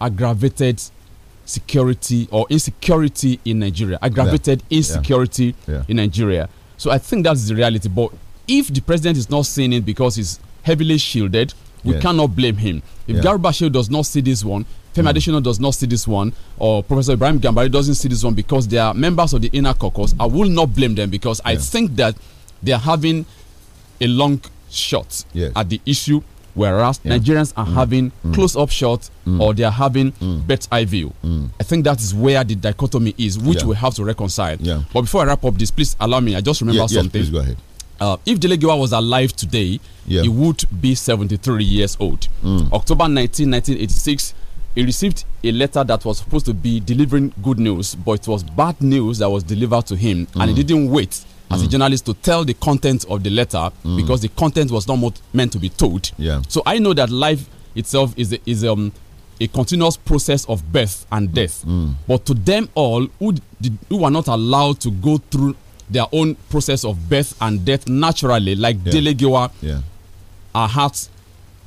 aggravated security or insecurity in Nigeria, aggravated yeah. insecurity yeah. in Nigeria. So I think that's the reality. But if the president is not seeing it because he's heavily shielded, we yes. cannot blame him. If yeah. Garba does not see this one, Femi mm. Adesina does not see this one, or Professor Ibrahim Gambari doesn't see this one because they are members of the inner caucus, I will not blame them because yeah. I think that they are having a long shot yes. at the issue whereas yeah. Nigerians are mm. having mm. close-up shots mm. or they are having mm. bird's eye view. Mm. I think that is where the dichotomy is, which yeah. we have to reconcile. Yeah. But before I wrap up this, please allow me. I just remember yeah, something. Yes, please go ahead. Uh, if Delegiwa was alive today, he would be 73 years old. Mm. October 19, 1986, he received a letter that was supposed to be delivering good news, but it was bad news that was delivered to him, and he didn't wait as a mm. journalist to tell the content of the letter mm. because the content was not meant to be told. Yeah. So I know that life itself is a, is um, a continuous process of birth and mm. death. Mm. But to them all who did, who not allowed to go through their own process of birth and death naturally, like yeah. Delegiwa, yeah. our hearts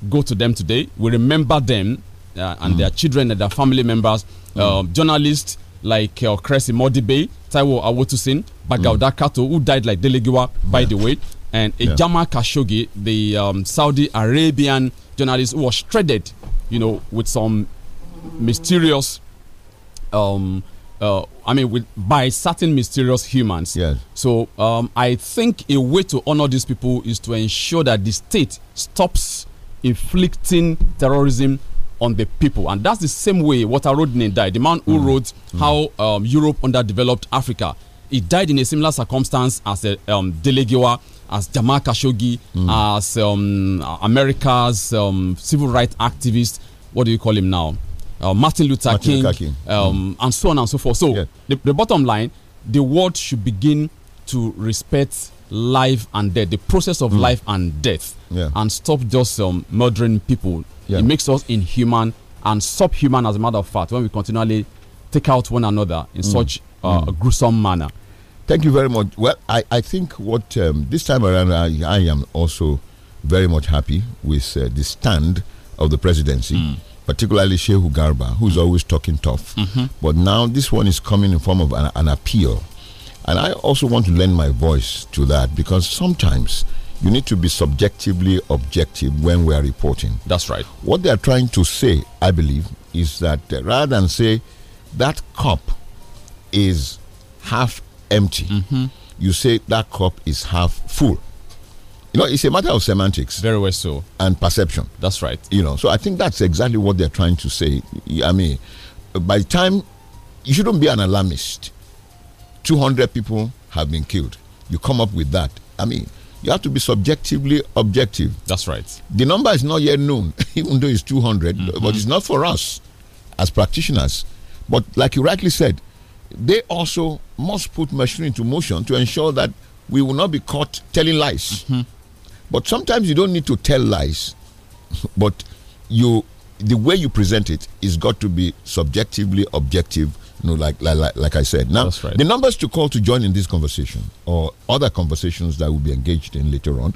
go to them today. We remember them uh, and mm. their children and their family members. Um, journalists like uh, Cressy Modibe, Taiwo Awotusin, Bagauda hmm. Kato, who died like Delegua, by the way, and Ejama Khashoggi, the um, Saudi Arabian journalist who was shredded, you know, with some mysterious, um, uh, I mean, with, by certain mysterious humans. Yes. So um, I think a way to honor these people is to ensure that the state stops inflicting terrorism on the people. And that's the same way Walter Rodney died, the man who mm. wrote mm. How um, Europe Underdeveloped Africa he died in a similar circumstance as a uh, um, Delegiwa, as Jamal Khashoggi, mm. as um, America's um, civil rights activist. What do you call him now? Uh, Martin Luther Martin King, Luther King. Um, mm. and so on and so forth. So yeah. the, the bottom line, the world should begin to respect life and death, the process of mm. life and death, yeah. and stop just um, murdering people. Yeah. It makes us inhuman and subhuman, as a matter of fact, when we continually take out one another in mm. such uh, mm. a gruesome manner. Thank you very much. Well, I, I think what um, this time around, I, I, am also very much happy with uh, the stand of the presidency, mm. particularly Shehu Garba, who's hmm. always talking tough. Mm -hmm. But now this one is coming in form of an, an appeal. And I also want to lend my voice to that because sometimes you need to be subjectively objective when we are reporting. That's right. What they are trying to say, I believe, is that uh, rather than say that cup is half empty, mm -hmm. you say that cup is half full. You know, it's a matter of semantics. Very well so. And perception. That's right. You know, so I think that's exactly what they're trying to say. I mean, by the time, you shouldn't be an alarmist. 200 people have been killed. You come up with that. I mean, you have to be subjectively objective. That's right. The number is not yet known, even though it's 200, mm -hmm. but mm-hmm. it's not for us as practitioners. But like you rightly said, they also must put machinery into motion to ensure that we will not be caught telling lies. Mm -hmm. But sometimes you don't need to tell lies, but you the way you present it is got to be subjectively objective. You know, like like like I said. Now, right. the numbers to call to join in this conversation or other conversations that will be engaged in later on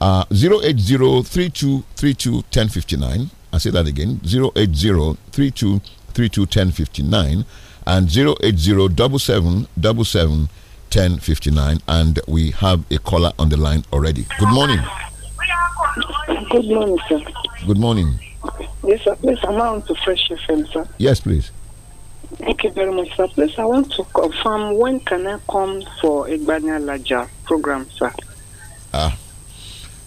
are uh, zero eight zero three two three two ten fifty nine. I say that again: zero eight zero three two three two ten fifty nine and 80 1059 And we have a caller on the line already. Good morning. Good morning, sir. Good morning. Yes, sir. Please, I'm on to Fresh FM, sir. Yes, please. Thank you very much, sir. Please, I want to confirm when can I come for a Gbania Laja program, sir? Ah.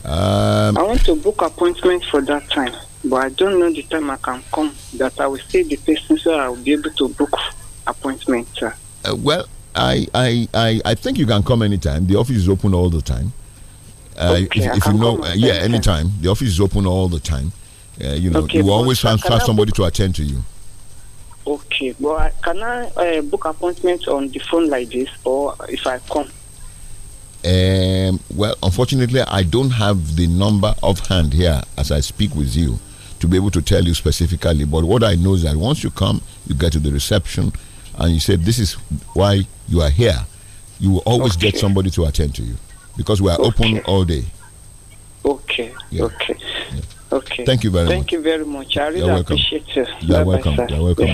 Um, I want to book appointment for that time, but I don't know the time I can come. That I will see the person, so I will be able to book appointment, sir? Uh, well, I, I, I, I think you can come anytime. The office is open all the time. Uh, okay, if, if you know, uh, yeah, anytime. The office is open all the time. Uh, you know, okay, you always transfer somebody to attend to you. Okay, but can I uh, book appointment on the phone like this, or if I come? Um, well, unfortunately, I don't have the number of hand here as I speak with you to be able to tell you specifically. But what I know is that once you come, you get to the reception and you said this is why you are here, you will always okay. get somebody to attend to you because we are okay. open all day. Okay. Yeah. Okay. Yeah. Okay. Thank you very Thank much. Thank you very much. I really You're appreciate you. You're welcome. Bye, You're welcome.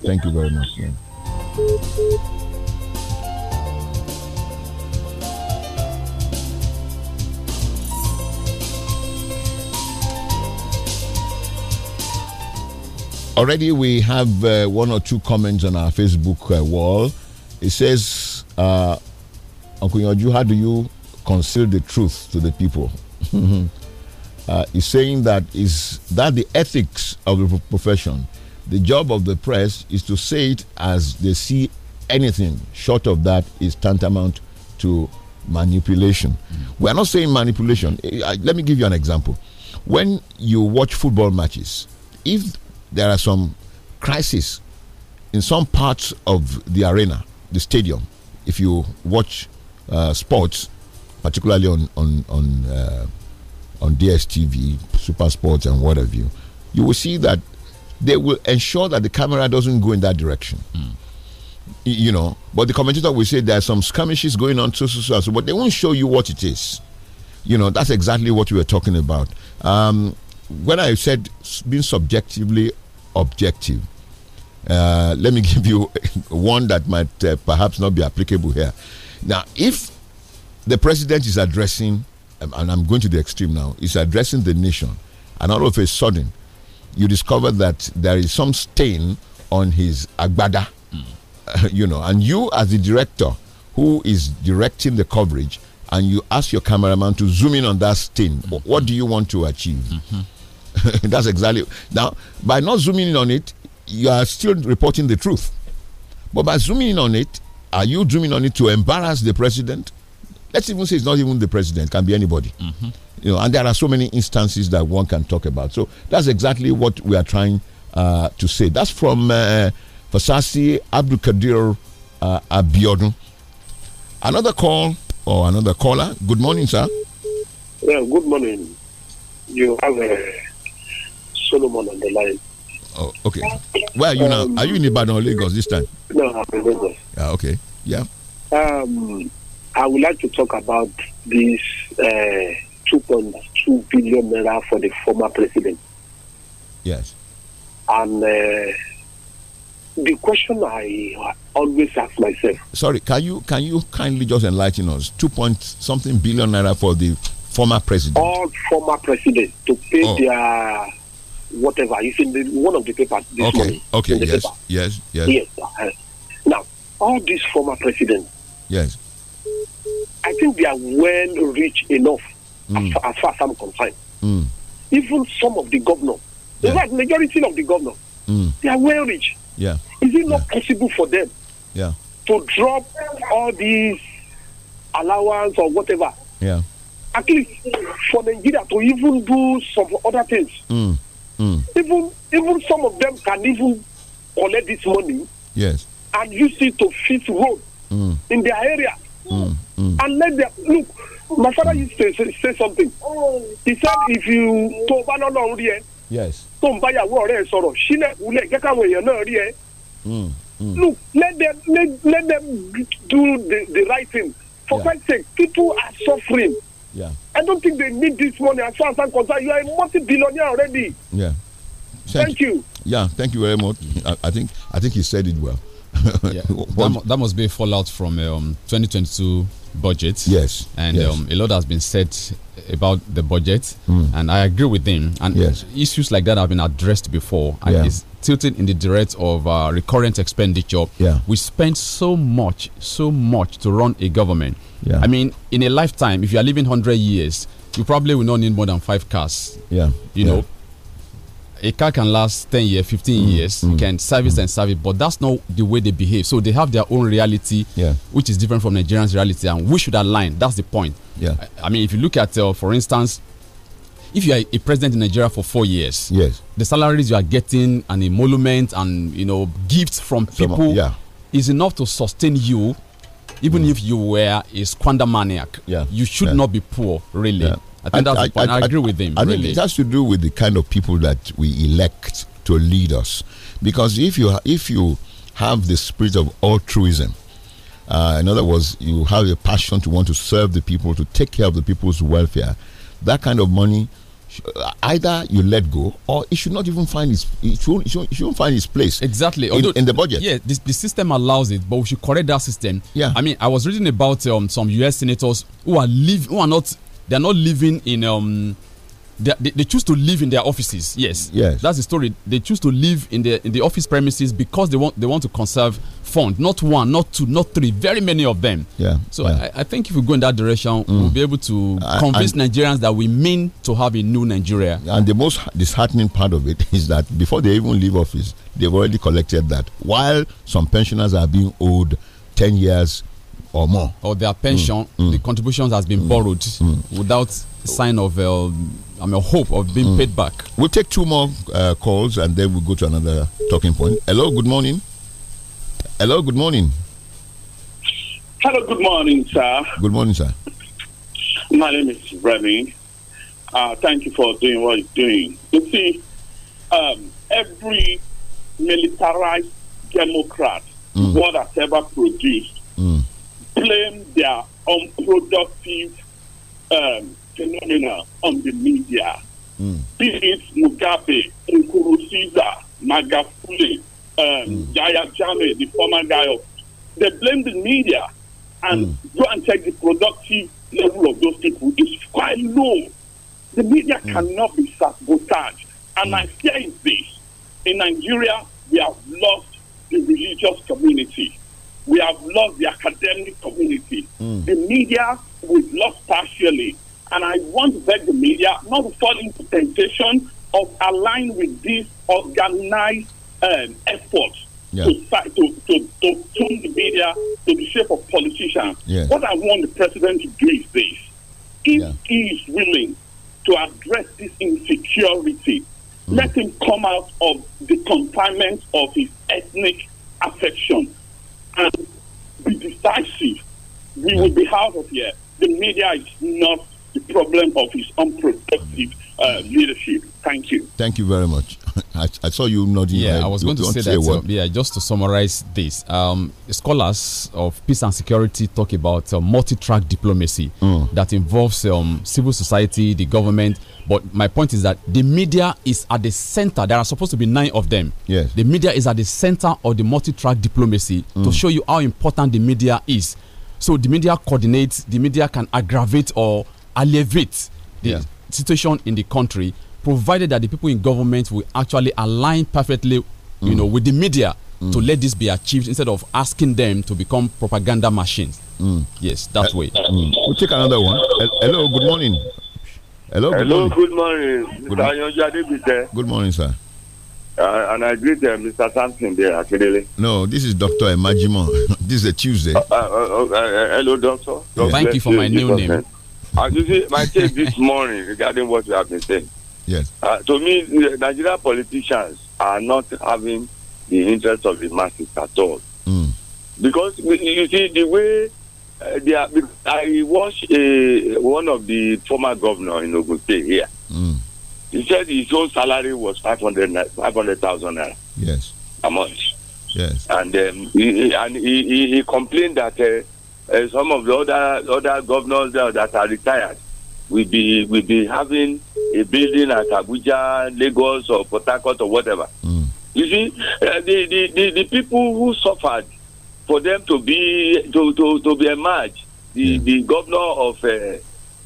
Thank you very much. Yeah. Already we have uh, one or two comments on our Facebook uh, wall. It says, uh, Uncle Yoju, how do you conceal the truth to the people? uh, he's saying that is that the ethics of the profession. The job of the press is to say it as they see anything short of that is tantamount to manipulation. Mm. We are not saying manipulation. Let me give you an example. When you watch football matches, if there are some crises in some parts of the arena, the stadium. If you watch uh, sports, particularly on on on uh, on DSTV, Super Sports, and what have you, you will see that they will ensure that the camera doesn't go in that direction. Mm. You know, but the commentator will say there are some skirmishes going on, so, so, so, but they won't show you what it is. You know, that's exactly what we were talking about. Um, when I said being subjectively objective, uh, let me give you one that might uh, perhaps not be applicable here. Now, if the president is addressing, um, and I'm going to the extreme now, is addressing the nation, and all of a sudden you discover that there is some stain on his agbada, mm. uh, you know, and you as the director who is directing the coverage, and you ask your cameraman to zoom in on that stain, mm -hmm. what do you want to achieve? Mm -hmm That's exactly now. By not zooming in on it, you are still reporting the truth. But by zooming in on it, are you zooming on it to embarrass the president? Let's even say it's not even the president; it can be anybody. Mm -hmm. You know, and there are so many instances that one can talk about. So that's exactly what we are trying uh, to say. That's from uh, Fasasi Kadir uh, Abiodun. Another call or another caller. Good morning, sir. Well, good morning. You have a Solomon on the line. Oh, okay. Where are you um, now? Are you in Ibadan or Lagos this time? No, I'm in Lagos. Ah, okay. Yeah. Um, I would like to talk about this uh, 2.2 billion naira for the former president. Yes. And uh, the question I always ask myself. Sorry, can you can you kindly just enlighten us? Two point something billion naira for the former president. All former president to pay oh. their whatever. You see, one of the papers this okay. morning. Okay, yes, paper. yes, yes, yes. Uh, now, all these former presidents. Yes. I think they are well rich enough mm. as, hmm. far, as, far, as I'm concerned. Mm. Even some of the governors, the yeah. vast majority of the governors, mm. they are well rich. Yeah. Is it not yeah. possible for them yeah. to drop all these allowance or whatever? Yeah. At least for Nigeria to even do some other things. Mm. Mm. Even even some of them can even collect this money. Yes. And use it to fix road mm. in their area. Mm. And let them look. My father used to say, say something. He said, if you to ba a orí ẹ. Yes. Tó buy a ọ̀rẹ́ ẹ sọ̀rọ̀, sílẹ̀ wúlẹ̀ jẹ́ káwọn èèyàn hmm, hmm. Look, let them let, let them do the, the right thing. For yeah. Christ's sake, people are suffering. Yeah. I don't think they need this money as far as I'm concerned. You are a multi-billionaire already. Yeah. Thank, thank you. Yeah, thank you very much. I, I, think I think he said it well. yeah. that, that, must be a fallout from um, 2022 budget. Yes. And yes. Um, a lot has been said about the budget, mm. and I agree with him. And yes. issues like that have been addressed before, and yeah. it's tilting in the direction of uh, recurrent expenditure. Yeah. We spend so much, so much to run a government. Yeah. I mean, in a lifetime, if you are living 100 years, you probably will not need more than five cars. Yeah. You yeah. know, a car can last 10 years, 15 mm, years. Mm, you can service mm. and service, but that's not the way they behave. So they have their own reality, yeah. which is different from Nigerians' reality, and we should align. That's the point. Yeah. I, I mean, if you look at, uh, for instance, if you are a president in Nigeria for four years, yes, the salaries you are getting and emolument and you know gifts from people Some, yeah. is enough to sustain you, even mm. if you were a squander maniac. Yeah. You should yeah. not be poor, really. Yeah. I think I, that's I, the point. I, I agree with him. I really. it has to do with the kind of people that we elect to lead us, because if you if you have the spirit of altruism. Uh, in other words, you have a passion to want to serve the people, to take care of the people's welfare. That kind of money uh, either you let go or it should not even find its it should, it should, it should find its place exactly Although, in, the budget yeah the system allows it but we should correct that system yeah i mean i was reading about um, some us senators who are live who are not they're not living in um they, they, they, choose to live in their offices. Yes, yes, that's the story. They choose to live in the in the office premises because they want they want to conserve fund. Not one, not two, not three. Very many of them. Yeah. So yeah. I, I, think if we go in that direction, mm. we'll be able to convince I, Nigerians that we mean to have a new Nigeria. And the most disheartening part of it is that before they even leave office, they've already collected that. While some pensioners are being owed ten years or more, or their pension, mm. mm. the contributions has been mm, borrowed mm. without sign of. Uh, I'm a hope of being mm. paid back. We'll take two more uh, calls and then we'll go to another talking point. Hello, good morning. Hello, good morning. Hello, good morning, sir. Good morning, sir. My name is Remy. Uh, thank you for doing what you're doing. You see, um, every militarized Democrat mm. has ever produced mm. blame their unproductive um, phenomena on the media. Mm. Be it Mugabe, Nkuru Caesar, Magafuli, um, mm. Jaya Jame, the former guy of. They blame the media and mm. go and check the productive level of those people It's quite low. The media mm. cannot be sabotaged. And I hmm. fear is this. In Nigeria, we have lost the religious community. We have lost the academic community. Hmm. The media, we've lost partially. And I want to beg the media not to fall into temptation of aligning with this organized um, effort yeah. to, to, to, the media to the shape of politicians. Yeah. What I want the president to do is this. If yeah. he is willing to address this insecurity, mm. let him come out of the confinement of his ethnic affection and be decisive. We will be out of here. The media is not the problem of his unproductive uh, leadership. Thank you. Thank you very much. I, I saw you nodding. Yeah, I was going to say, say that. Uh, yeah, just to summarize this, um, scholars of peace and security talk about uh, multi-track diplomacy mm. that involves um, civil society, the government. But my point is that the media is at the center. There are supposed to be nine of them. Yes. The media is at the center of the multi-track diplomacy mm. to show you how important the media is. So the media coordinates. The media can aggravate or alleviate the yeah. situation in the country, provided that the people in government will actually align perfectly, mm. you know, with the media mm. to let this be achieved instead of asking them to become propaganda machines. Mm. Yes, that uh, way. Mm. We'll take another one. Hello, good morning. Hello, good Hello, morning. Good morning, good, morning. good morning, sir. Uh, and I greet uh, Mr. Sampson there, actually. No, this is Dr. Emajimo. this is a Tuesday. Uh, uh, uh, uh hello, doctor. Thank you for my new name. I uh, you see, my take this morning regarding what you have been saying. Yes. Uh, to me, Nigerian politicians are not having the interest of the masses at all. Mm. Because you see, the way uh, they are, I watched one of the former governor in Ogun State here. Mm. He said his own salary was 500,000 500, naira. Yes. A month. Yes. And um, he, and he, he, he complained that uh, uh, some of the other other governors that, that are retired will be will be having a building at Abuja, Lagos, or Port Harcourt, or whatever. Mm. You see, uh, the, the, the, the people who suffered for them to be to to, to be emerged, the yeah. the governor of uh,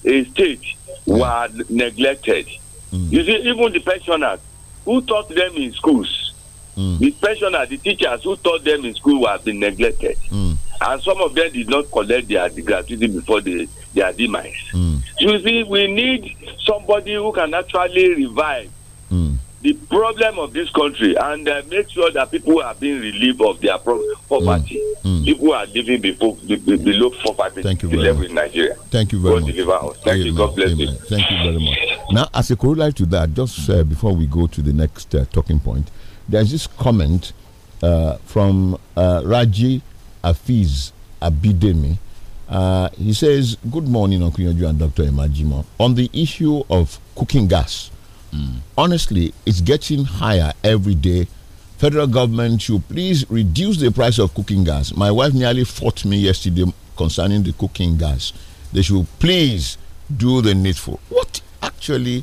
a state yeah. were neglected. Mm. You see, even the pensioners who taught them in schools, mm. the pensioners, the teachers who taught them in school were been neglected. Mm and some of them did not collect their gratuity before they, their demise. Mm. You see, we need somebody who can actually revive mm. the problem of this country and uh, make sure that people are being relieved of their poverty. Mm. People are living before, below poverty Thank you level much. in Nigeria. Thank you very God much. Thank amen. you. God bless amen. you. Thank you very much. Now, as a corollary to that, just uh, before we go to the next uh, talking point, there's this comment uh, from uh, Raji Afiz Abidemi. Uh, he says, Good morning, Okunyoju and Dr. Emajimo. On the issue of cooking gas, mm. honestly, it's getting higher every day. Federal government should please reduce the price of cooking gas. My wife nearly fought me yesterday concerning the cooking gas. They should please do the needful. What actually,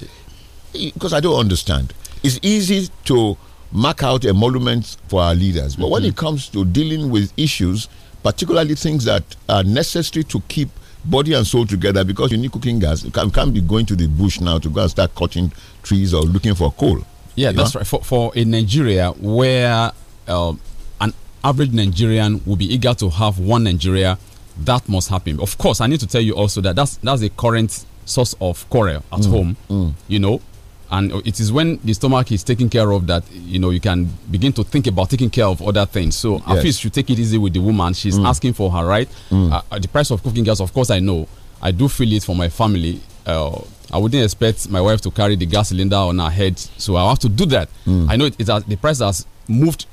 because I don't understand. It's easy to mark out emoluments for our leaders. But mm -hmm. when mm-hmm. it comes to dealing with issues, particularly things that are necessary to keep body and soul together, because you need cooking gas, you can't can be going to the bush now to go and start cutting trees or looking for coal. Yeah, that's know? right. For, for in Nigeria, where uh, an average Nigerian will be eager to have one Nigeria, that must happen. Of course, I need to tell you also that that's that's the current source of quarrel at mm, home. Mm. You know, and it is when the stomach is taken care of that you know you can begin to think about taking care of other things so yes. Afis should take it easy with the woman she's mm. asking for her right mm. uh, the price of cooking gas of course I know I do feel it for my family uh, I wouldn't expect my wife to carry the gas cylinder on her head so I have to do that mm. I know it, it has, the price has moved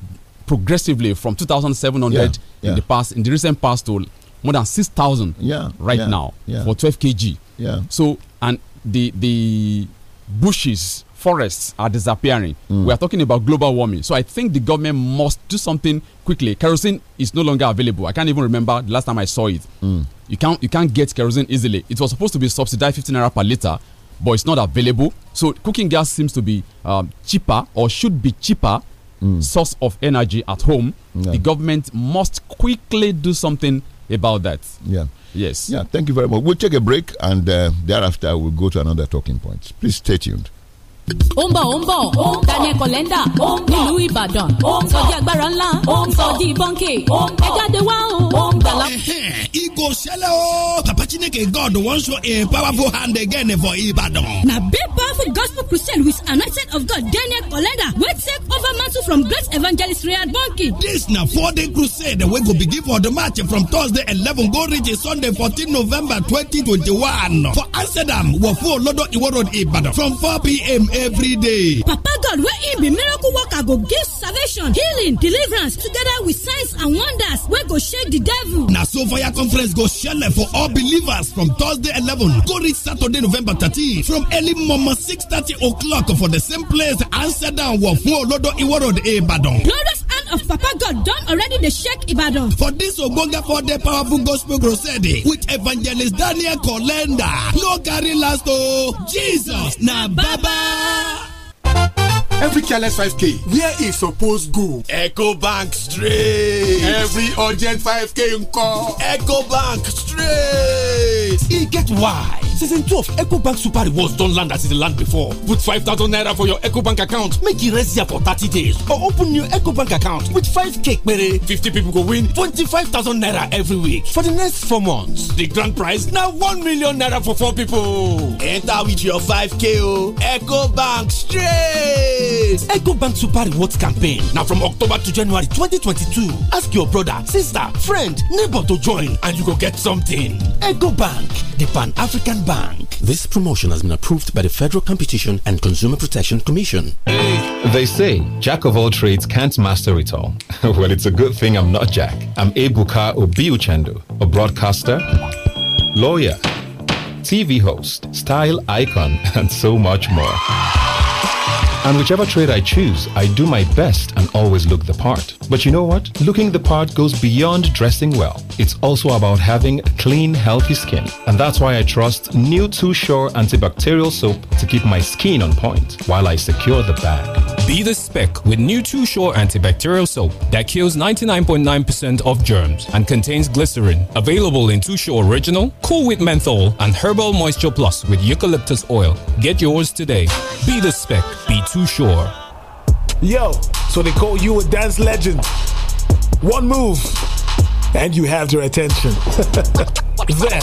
progressively from 2700 yeah, yeah. in the past in the recent past to more than 6000 yeah, right now for 12 kg yeah so and the the bushes forests are disappearing. Mm. We are talking about global warming. So I think the government must do something quickly. Kerosene is no longer available. I can't even remember the last time I saw it. Mm. You can't you can't get kerosene easily. It was supposed to be subsidized 15 naira per liter, but it's not available. So cooking gas seems to be um, cheaper or should be cheaper mm. source of energy at home. Yeah. The government must quickly do something about that. Yeah. Yes. Yeah. Thank you very much. We'll take a break, and uh, thereafter we'll go to another talking point. Please stay tuned. ó ń bọ̀ ó ń bọ̀ Daniel Kolenda nílùú Ìbàdàn sọjí agbára ńlá sọjí bọ́ńkì ẹ jáde wá o gbàlá. Igo ṣẹlẹ̀ o. Papa Chineke God wan show a powerful hand again for Ibadan. Na big powerful gospel crusade with anointing of God Daniel Kolenda wey take over mantle from great evangelist Riyad Bonki. Dis na four day crusade wey go begin for the march from Thursday eleven go reach Sunday fourteen November twenty twenty one for Amsterdam Wofo Olodo Iwo Road Ibadan from four pm every day. papa god where im be miracle worker go give salvation healing deliverance together with signs and wonders wey go shake the devil. na so fire conference go shele for all believers from thursday 11. go reach saturday november 13. from early morning 6:30 o'clock for the same place answer down wọ fún olodo iwo Ebadon. ibadan of Papa God done already the shake Ibadan. For this ogbonge for the powerful gospel crusade with evangelist Daniel Kolenda no carry last o, oh, Jesus na Baba. every careless 5k where e supposed go Echo Bank straight every urgent 5k call, Echo Bank straight He get why season twelve ecobank super rewards don land as e dey land before put five thousand naira for your ecobank account make e rest there for thirty days or open new ecobank account with five k pere fifty people go win twenty-five thousand naira every week for the next four months the grand prize na one million naira for four people. enter with your five k o ecobank straight. ecobank super rewards campaign na from october to january twenty twenty-two ask your brother sister friend neighbor to join and you go get something ecobank the pan-african Bank. This promotion has been approved by the Federal Competition and Consumer Protection Commission. They say Jack of all trades can't master it all. well, it's a good thing I'm not Jack. I'm Ebuka Obiuchendo, a broadcaster, lawyer, TV host, style icon, and so much more. And whichever trade I choose, I do my best and always look the part. But you know what? Looking the part goes beyond dressing well. It's also about having clean, healthy skin. And that's why I trust new Too Sure antibacterial soap to keep my skin on point while I secure the bag. Be the spec with new Too Sure antibacterial soap that kills 99.9% of germs and contains glycerin. Available in Too Sure Original, Cool with Menthol, and Herbal Moisture Plus with eucalyptus oil. Get yours today. Be the spec. Be Too too Yo, so they call you a dance legend. One move, and you have their attention. then,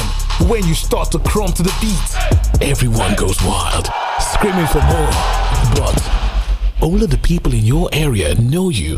when you start to crumb to the beat, everyone goes wild, screaming for more. But only the people in your area know you.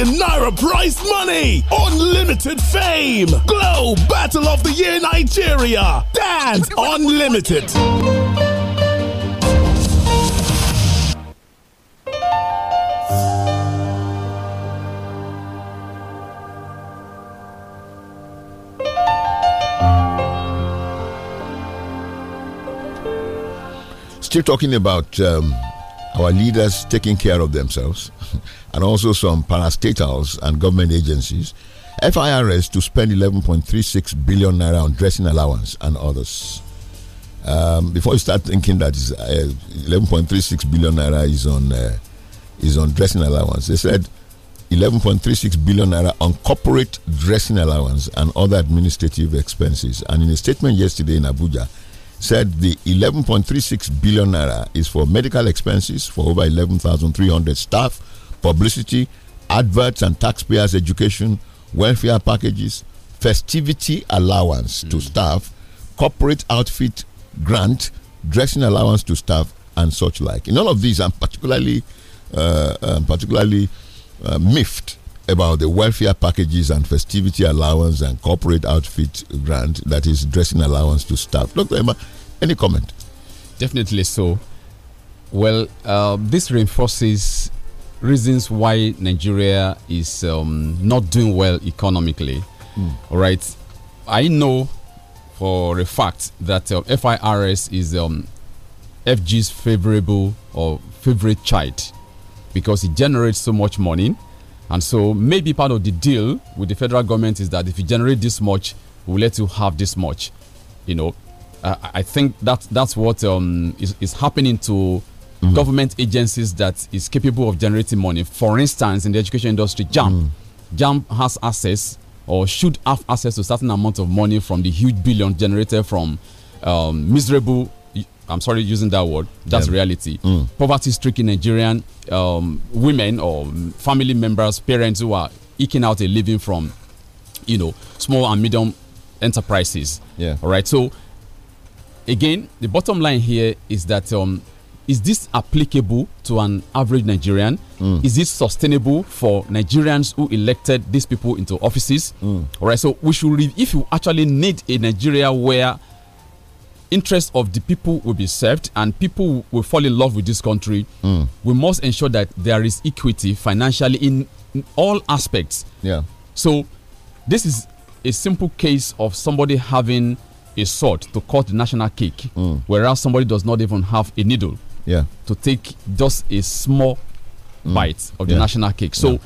million naira prize money, unlimited fame, Glow Battle of the Year Nigeria, Dance Unlimited. Still talking about um our leaders taking care of themselves, and also some parastatals and government agencies, FIRS to spend 11.36 billion naira on dressing allowance and others. Um, before you start thinking that uh, 11.36 billion naira is on uh, is on dressing allowance, they said 11.36 billion naira on corporate dressing allowance and other administrative expenses. And in a statement yesterday in Abuja, said the 11.36 billion naira is for medical expenses for over 11,300 staff, publicity, adverts and taxpayers' education, welfare packages, festivity allowance mm. to hmm. staff, corporate outfit grant, dressing allowance to staff, and such like. In all of these, I'm particularly, uh, I'm particularly uh, miffed about the welfare packages and festivity allowance and corporate outfit grant that is dressing allowance to staff. Dr. Emma, any comment? Definitely so. Well, uh, this reinforces reasons why Nigeria is um, not doing well economically. Mm. All right. I know for a fact that uh, um, FIRS is um, FG's favorable or favorite child because it generates so much money and so maybe part of the deal with the federal government is that if you generate this much, we'll let you have this much. You know, uh, I think that that's what um, is, is happening to mm -hmm. government agencies that is capable of generating money. For instance, in the education industry, JAMP. Mm. JAMP has access or should have access to certain amount of money from the huge billion generated from um, miserable I'm sorry using that word. That's yeah. reality. Mm. Poverty-stricken Nigerian um, women or family members, parents who are eking out a living from, you know, small and medium enterprises. Yeah. All right. So again, the bottom line here is that um, is this applicable to an average Nigerian? Mm. Is this sustainable for Nigerians who elected these people into offices? Mm. All right, so we should, if you actually need a Nigeria where interest of the people will be served and people will fall in love with this country, mm. we must ensure that there is equity financially in, in all aspects. Yeah. So this is a simple case of somebody having a sword to cut the national cake, mm. whereas somebody does not even have a needle yeah. to take just a small mm. bite of yeah. the national cake. So yeah.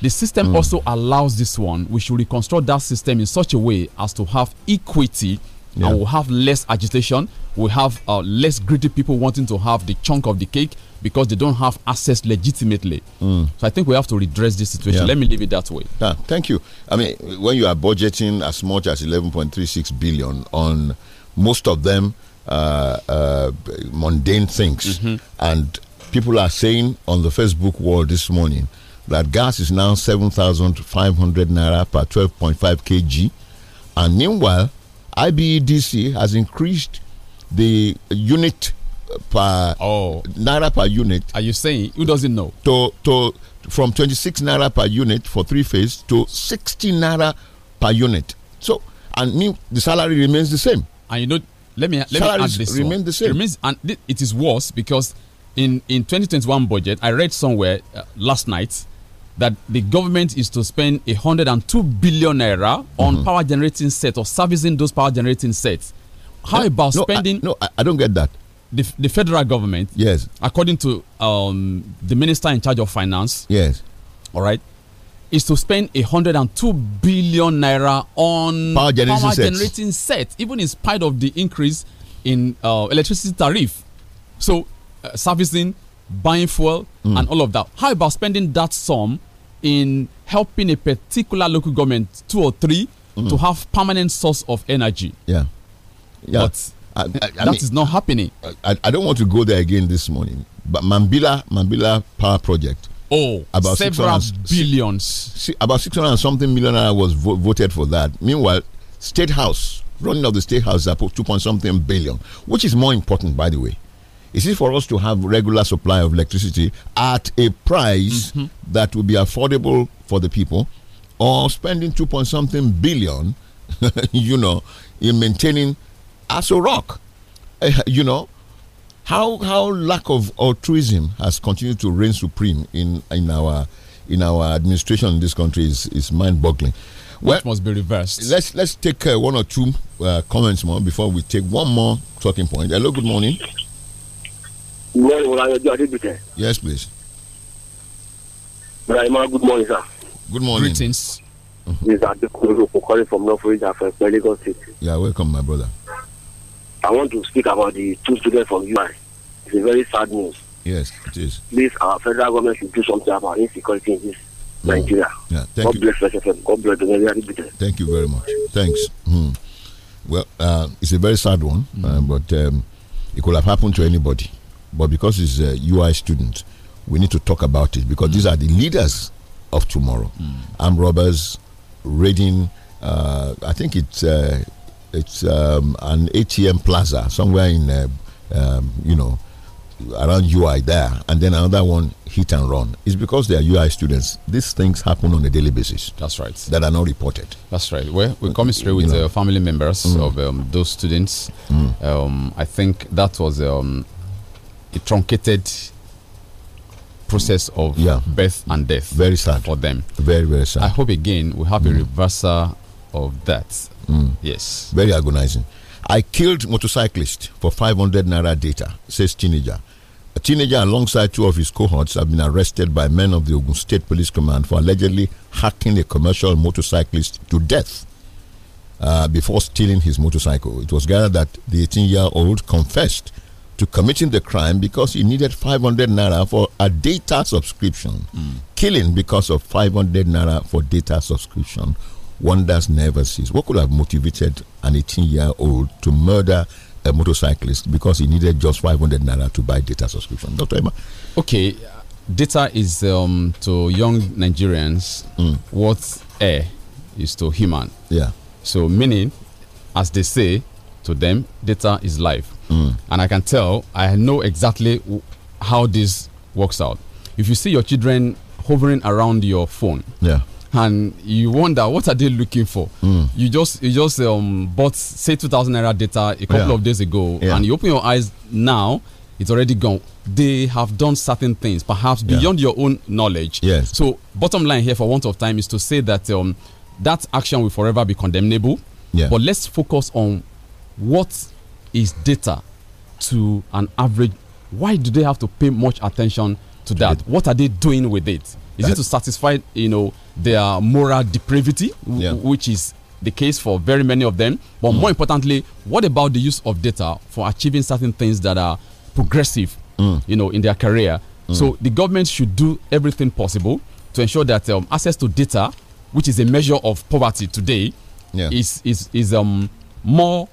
the system mm. also allows this one. We should reconstruct that system in such a way as to have equity yeah. and we'll have less agitation. We'll have uh, less greedy people wanting to have the chunk of the cake because they don't have access legitimately. Mm. So I think we have to redress this situation. Yeah. Let me leave it that way. Yeah, thank you. I mean, when you are budgeting as much as 11.36 billion on most of them uh, uh, mundane things, mm -hmm. and people are saying on the Facebook wall this morning that gas is now 7,500 naira per 12.5 kg, and meanwhile IBEDC has increased the unit uh, per oh. naira per unit. Are you saying who doesn't know? To to from 26 naira per unit for three phase to 60 naira per unit. So and me the salary remains the same. And you know, let me let Salaries me add this. Remain one. the same. It remains and it is worse because in in 2021 budget, I read somewhere uh, last night that the government is to spend 102 billion naira on mm -hmm. power generating sets or servicing those power generating sets. How uh, about no, spending? I, no, I don't get that. The, the federal government, yes, according to um, the minister in charge of finance, yes, all right, is to spend 102 billion naira on power generating, power sets. generating sets, even in spite of the increase in uh, electricity tariff. So, uh, servicing buying fuel, mm. and all of that. How about spending that sum in helping a particular local government, two or three, mm. to have permanent source of energy? Yeah, yeah. But I, I, that mean, is not happening. I, I don't want to go there again this morning. But Mambila Mambila Power Project. Oh, about several 600, billions. See, about 600 and something million was vo voted for that. Meanwhile, State House, running of the State House is about 2 point something billion, which is more important, by the way is it for us to have regular supply of electricity at a price mm -hmm. that will be affordable for the people or spending 2 point something billion you know in maintaining a Rock uh, you know how how lack of altruism has continued to reign supreme in in our in our administration in this country is is mind-boggling well, must be reversed. Let's let's take uh, one or two uh, comments more before we take one more talking point. Hello, good morning. Good morning, Yes, please. good morning, sir. Good morning. Greetings. Uh This is Adekunle for calling from North Florida, from Lagos State. Yeah, welcome, my brother. I want to speak about the two students from UI. It's a very sad news. Yes, it is. Please, our federal government should do something about insecurity in this mm. Nigeria. Yeah, thank God you. bless SFM. God bless the Nigerian Thank you very much. Thanks. Hmm. Well, uh, it's a very sad one, mm. uh, but um, it could have happened to anybody. But because he's a UI student, we need to talk about it because mm. these are the leaders of tomorrow. Mm. Armed robbers, raiding. Uh, I think it's uh, it's um, an ATM plaza somewhere in uh, um, you know around UI there, and then another one hit and run. It's because they are UI students. These things happen on a daily basis. That's right. That are not reported. That's right. Well, we come straight with you know. Uh, family members mm. of um, those students. Mm. I think that was um, a truncated process of yeah. birth and death. Very sad for them. Very very sad. I hope again we have mm. a reversal of that. Mm. Yes. Very agonizing. I killed motorcyclist for 500 naira data, says teenager. A teenager alongside two of his cohorts have been arrested by men of the Ogun State Police Command for allegedly hacking a commercial motorcyclist to death uh, before stealing his motorcycle. It was gathered that the 18 year old confessed to committing the crime because he needed 500 naira for a data subscription. Mm. Killing because of 500 naira for data subscription. Wonders never cease. What could have motivated an 18 year old to murder a motorcyclist because he needed just 500 naira to buy data subscription? Dr. Emma? Okay, data is um, to young Nigerians mm. what air is to human. Yeah. So, meaning, as they say to them, data is life. Mm. And I can tell, I know exactly how this works out. If you see your children hovering around your phone, yeah, and you wonder what are they looking for, mm. you just you just um, bought say two thousand naira data a couple yeah. of days ago, yeah. and you open your eyes now, it's already gone. They have done certain things, perhaps yeah. beyond your own knowledge. Yes. So, bottom line here, for want of time, is to say that um, that action will forever be condemnable. Yeah. But let's focus on what is data to an average. Why do they have to pay much attention to that? What are they doing with it? Is it to satisfy you know their moral depravity, yeah. which is the case for very many of them? But mm. more importantly, what about the use of data for achieving certain things that are progressive, mm. you know, in their career? Mm. So the government should do everything possible to ensure that um, access to data, which is a measure of poverty today, yeah. is is is um more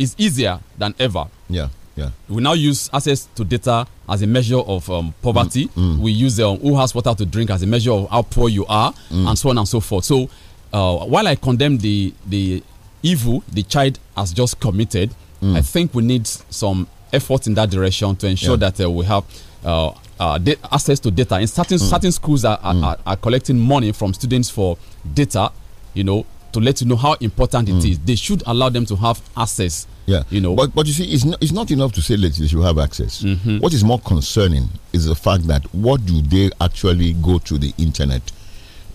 is easier than ever. Yeah. Yeah. We now use access to data as a measure of um, poverty. Mm, mm. We use um, who has water to drink as a measure of how poor you are, mm. and so on and so forth. So, uh, while I condemn the the evil the child has just committed, mm. I think we need some effort in that direction to ensure yeah. that uh, we have. Uh, uh access to data in certain mm. certain schools are, mm. are, are collecting money from students for data you know to let you know how important it mm. is. They should allow them to have access. Yeah, you know. But but you see, it's not, it's not enough to say that they should have access. Mm -hmm. What is more concerning is the fact that what do they actually go to the internet?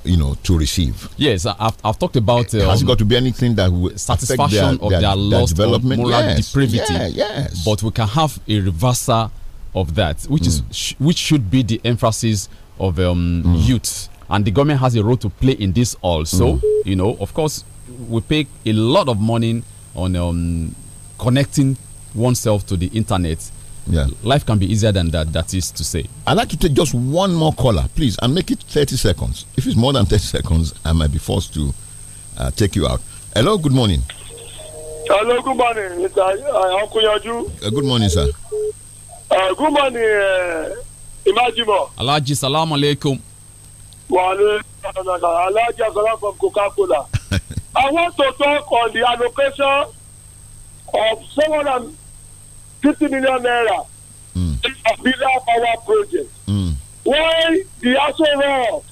you know to receive. Yes, I've, I've talked about. Uh, Has um, got to be anything that will satisfaction their, of their, lost development, moral yes, depravity. Yeah, yes, but we can have a reversal of that, which mm. is hmm. sh which should be the emphasis of um, mm. youth and the government has a role to play in this also. Mm. You know, of course, we pay a lot of money on um, connecting oneself to the internet. Yeah. Life can be easier than that, that is to say. I'd like to take just one more caller, please, and make it 30 seconds. If it's more than 30 seconds, I might be forced to uh, take you out. Hello, good morning. Hello, good morning. It's, uh, Uncle Yaju. Uh, good morning, sir. Uh, good morning, uh, Imajimo. Alaji, salam alaikum from Coca Cola. I want to talk on the allocation of 750 million naira mm. in a power project. Mm. Why the Aso Road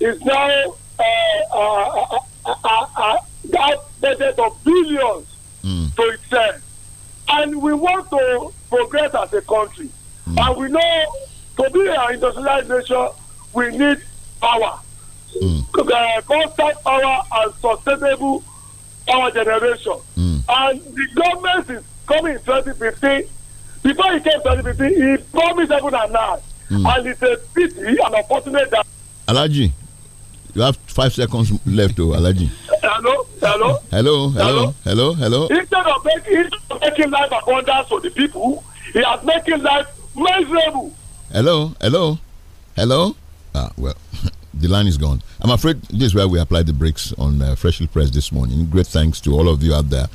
is now uh, uh, uh, that budget of billions mm. to itself. And we want to progress as a country. Mm. And we know to be an industrialized nation, we need power. Mm. Uh, constant power and sustainable power generation. Mm. And the government is coming in 2015. Before he came in 2015, he promised heaven and earth. Mm. And it's a pity and unfortunate that. Alaji, you have five seconds left, oh, Alaji. Hello, hello, hello, hello, hello, hello. Instead of making, instead of making life abundance for the people, he has making life miserable. Hello, hello, hello. Ah, well, the line is gone. I'm afraid this is where we applied the brakes on uh, Freshly Press this morning. Great thanks to all of you out there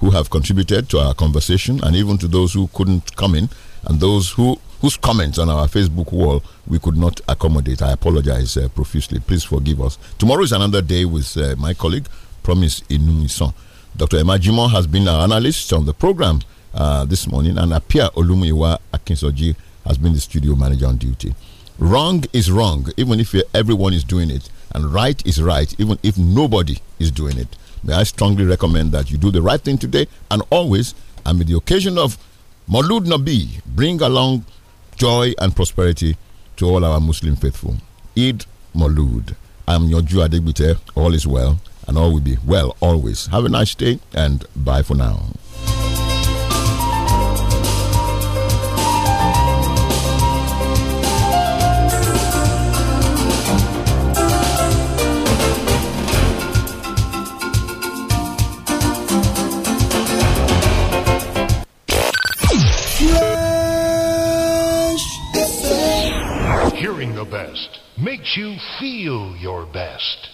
who have contributed to our conversation and even to those who couldn't come in and those who whose comments on our Facebook wall we could not accommodate. I apologize uh, profusely. Please forgive us. Tomorrow is another day with uh, my colleague, Promise Inumison. Dr. Emma Jimon has been our analyst on the program uh, this morning, and Apia Olumuyiwa Akinsoji has been the studio manager on duty wrong is wrong, even if everyone is doing it, and right is right, even if nobody is doing it. May I strongly recommend that you do the right thing today and always, and with the occasion of Maulud Nabi, bring along joy and prosperity to all our Muslim faithful. Eid Maulud. I'm your Jew Adegbite. All is well, and all will be well always. Have a nice day, and bye for now. you feel your best.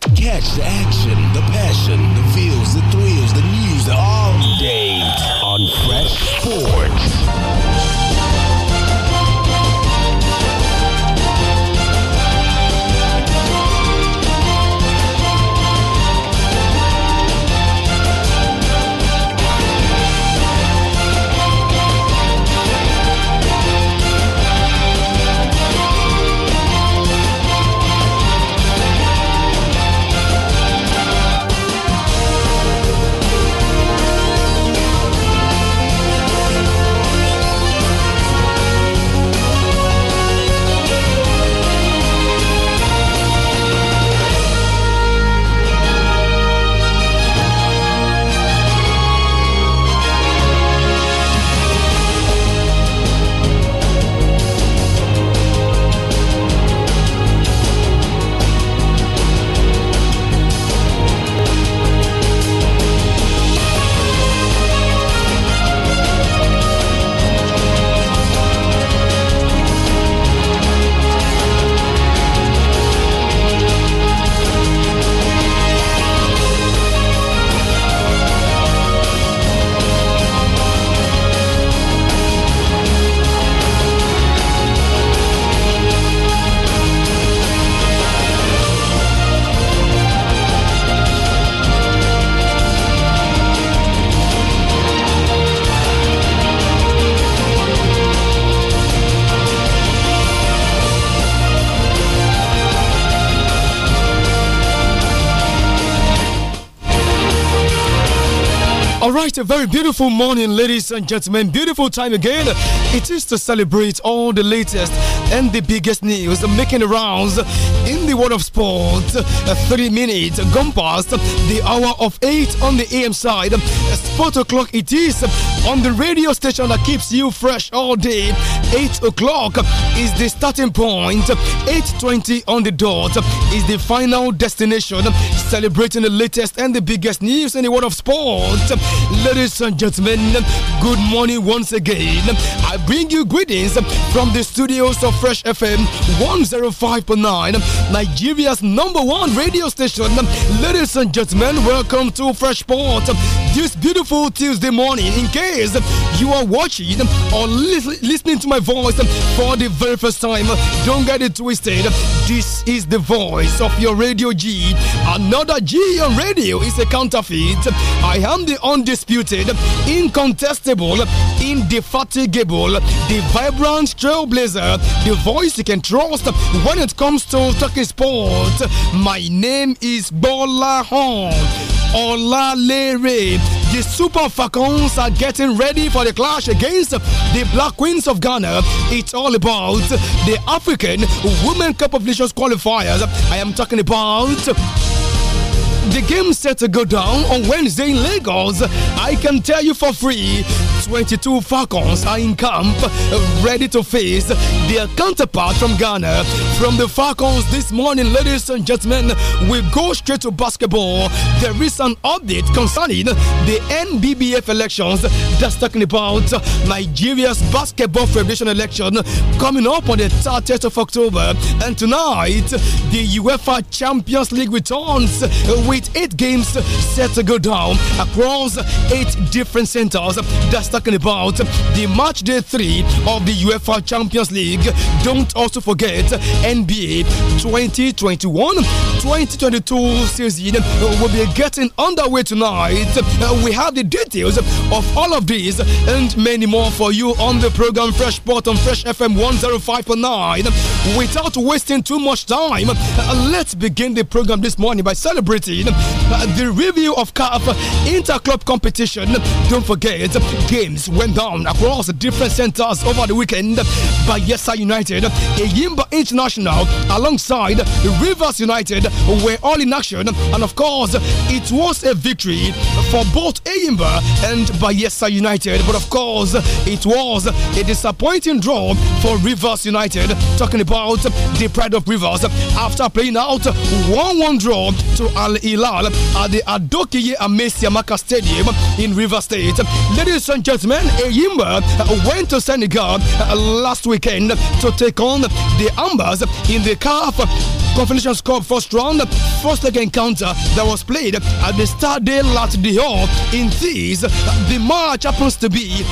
Catch the action, the passion, the feels, the thrills, the news all day on Fresh Sports. a very beautiful morning, ladies and gentlemen. Beautiful time again. It is to celebrate all the latest and the biggest news making the rounds in world of sport. three minutes gone past the hour of eight on the AM side. Sport o'clock it is on the radio station that keeps you fresh all day. Eight o'clock is the starting point. 8:20 on the dot is the final destination, celebrating the latest and the biggest news in the world of sport. Ladies and gentlemen, good morning once again. I bring you greetings from the studios of Fresh FM 105.9. Nigeria's number one radio station. Ladies and gentlemen, welcome to Fresh Port. This beautiful Tuesday morning, in case you are watching or listening to my voice for the very first time, don't get it twisted. This is the voice of your radio G. Another G on radio is a counterfeit. I am the undisputed, incontestable, indefatigable, the vibrant trailblazer, the voice you can trust when it comes to talking Sport. My name is Bola Hon. Ola Lere. The Super Falcons are getting ready for the clash against the Black Queens of Ghana. It's all about the African Women Cup of Nations qualifiers. I am talking about the game set to go down on Wednesday in Lagos. I can tell you for free. 22 Falcons are in camp, ready to face their counterpart from Ghana. From the Falcons this morning, ladies and gentlemen, we go straight to basketball. There is an update concerning the NBBF elections that's talking about Nigeria's Basketball Federation election coming up on the 30th of October. And tonight, the UEFA Champions League returns We with eight games set to go down across eight different centers. That's talking about the match day three of the UEFA Champions League. Don't also forget NBA 2021-2022 season will be getting underway tonight. Uh, we have the details of all of these and many more for you on the program Fresh Sport on Fresh FM 105.9. Without wasting too much time, uh, let's begin the program this morning by celebrating uh, the review of CAF Interclub competition. Don't forget, games went down across different centres over the weekend by Yesa United, Yimba International, alongside Rivers United were all in action. And of course, it was a victory for both Yimba and Bayesa United. But of course, it was a disappointing draw for Rivers United. Talking about the pride of Rivers after playing out 1 1 draw to Al Hilal. Hilal at the Adokiye Amesiamaka Stadium in River State. Ladies and gentlemen, Eyimba went to Senegal uh, last weekend to take on the Ambers in the CAF Confederation Cup first round, first leg encounter that was played at the Stade Lat Dior in Thies. The match happens to be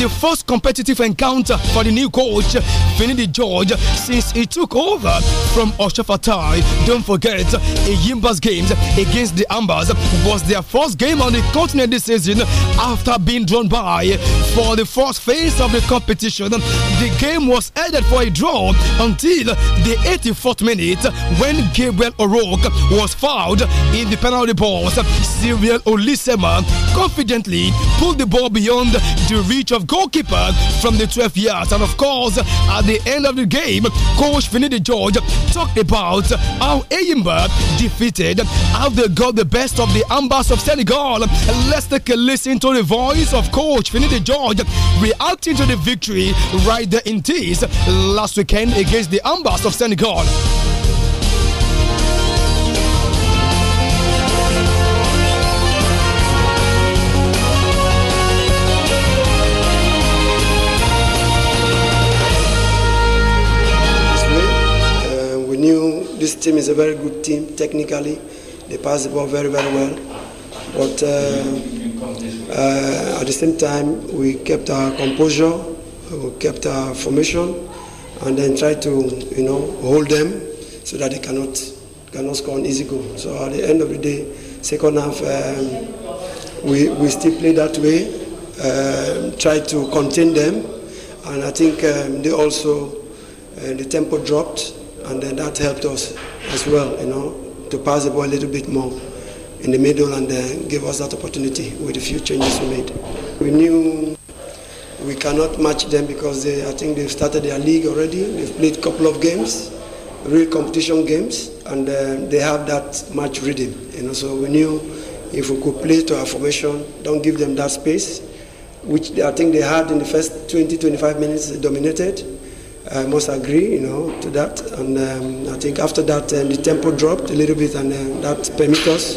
the first competitive encounter for the new coach, Finidi George, since he took over from Oshafatai. Don't forget, a Yimbas games against the Ambas was their first game on the continent this season after being drawn by for the first phase of the competition. The game was headed for a draw until the 84th minute when Gabriel O'Rourke was fouled in the penalty box. Cyril Olisema confidently pulled the ball beyond the reach of goalkeeper from the 12 yards. And of course, at the end of the game, Coach Finidi George talked about how Eyimba defeated, how they got the best of the ambas of Senegal. Let's take a listen to the voice of Coach Finidi George reacting to the victory right there in Tees last weekend against the ambas of Senegal. this team is a very good team technically. They pass the ball very, very well. But uh, uh at the same time, we kept our composure, we kept our formation, and then tried to, you know, hold them so that they cannot cannot score an easy goal. So at the end of the day, second half, um, we, we still play that way, uh, try to contain them, and I think um, they also, uh, the tempo dropped, and then that helped us as well, you know, to pass the ball a little bit more in the middle and then give us that opportunity with a few changes we made. We knew we cannot match them because they, I think they've started their league already. They've played a couple of games, real competition games, and uh, they have that match rhythm. You know, so we knew if we could play to our formation, don't give them that space, which I think they had in the first 20, 25 minutes, they dominated. I must agree, you know, to that. And um, I think after that, um, the tempo dropped a little bit, and um, that permitted us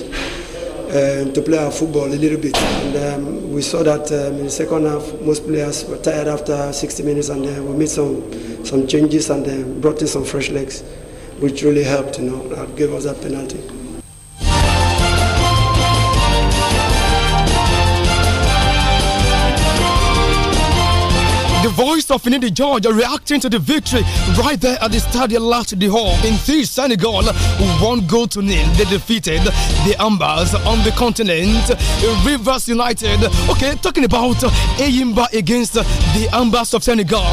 um, to play our football a little bit. And um, we saw that in the second half, most players were tired after 60 minutes, and uh, we made some some changes and uh, brought in some fresh legs, which really helped. You know, that gave us that penalty. of Finidi George are reacting to the victory right there at the Stadium last the oh, hall. In this Senegal, one goal to nil. They defeated the Ambers on the continent. Rivers United. Okay, talking about Eyimba against the Ambers of Senegal.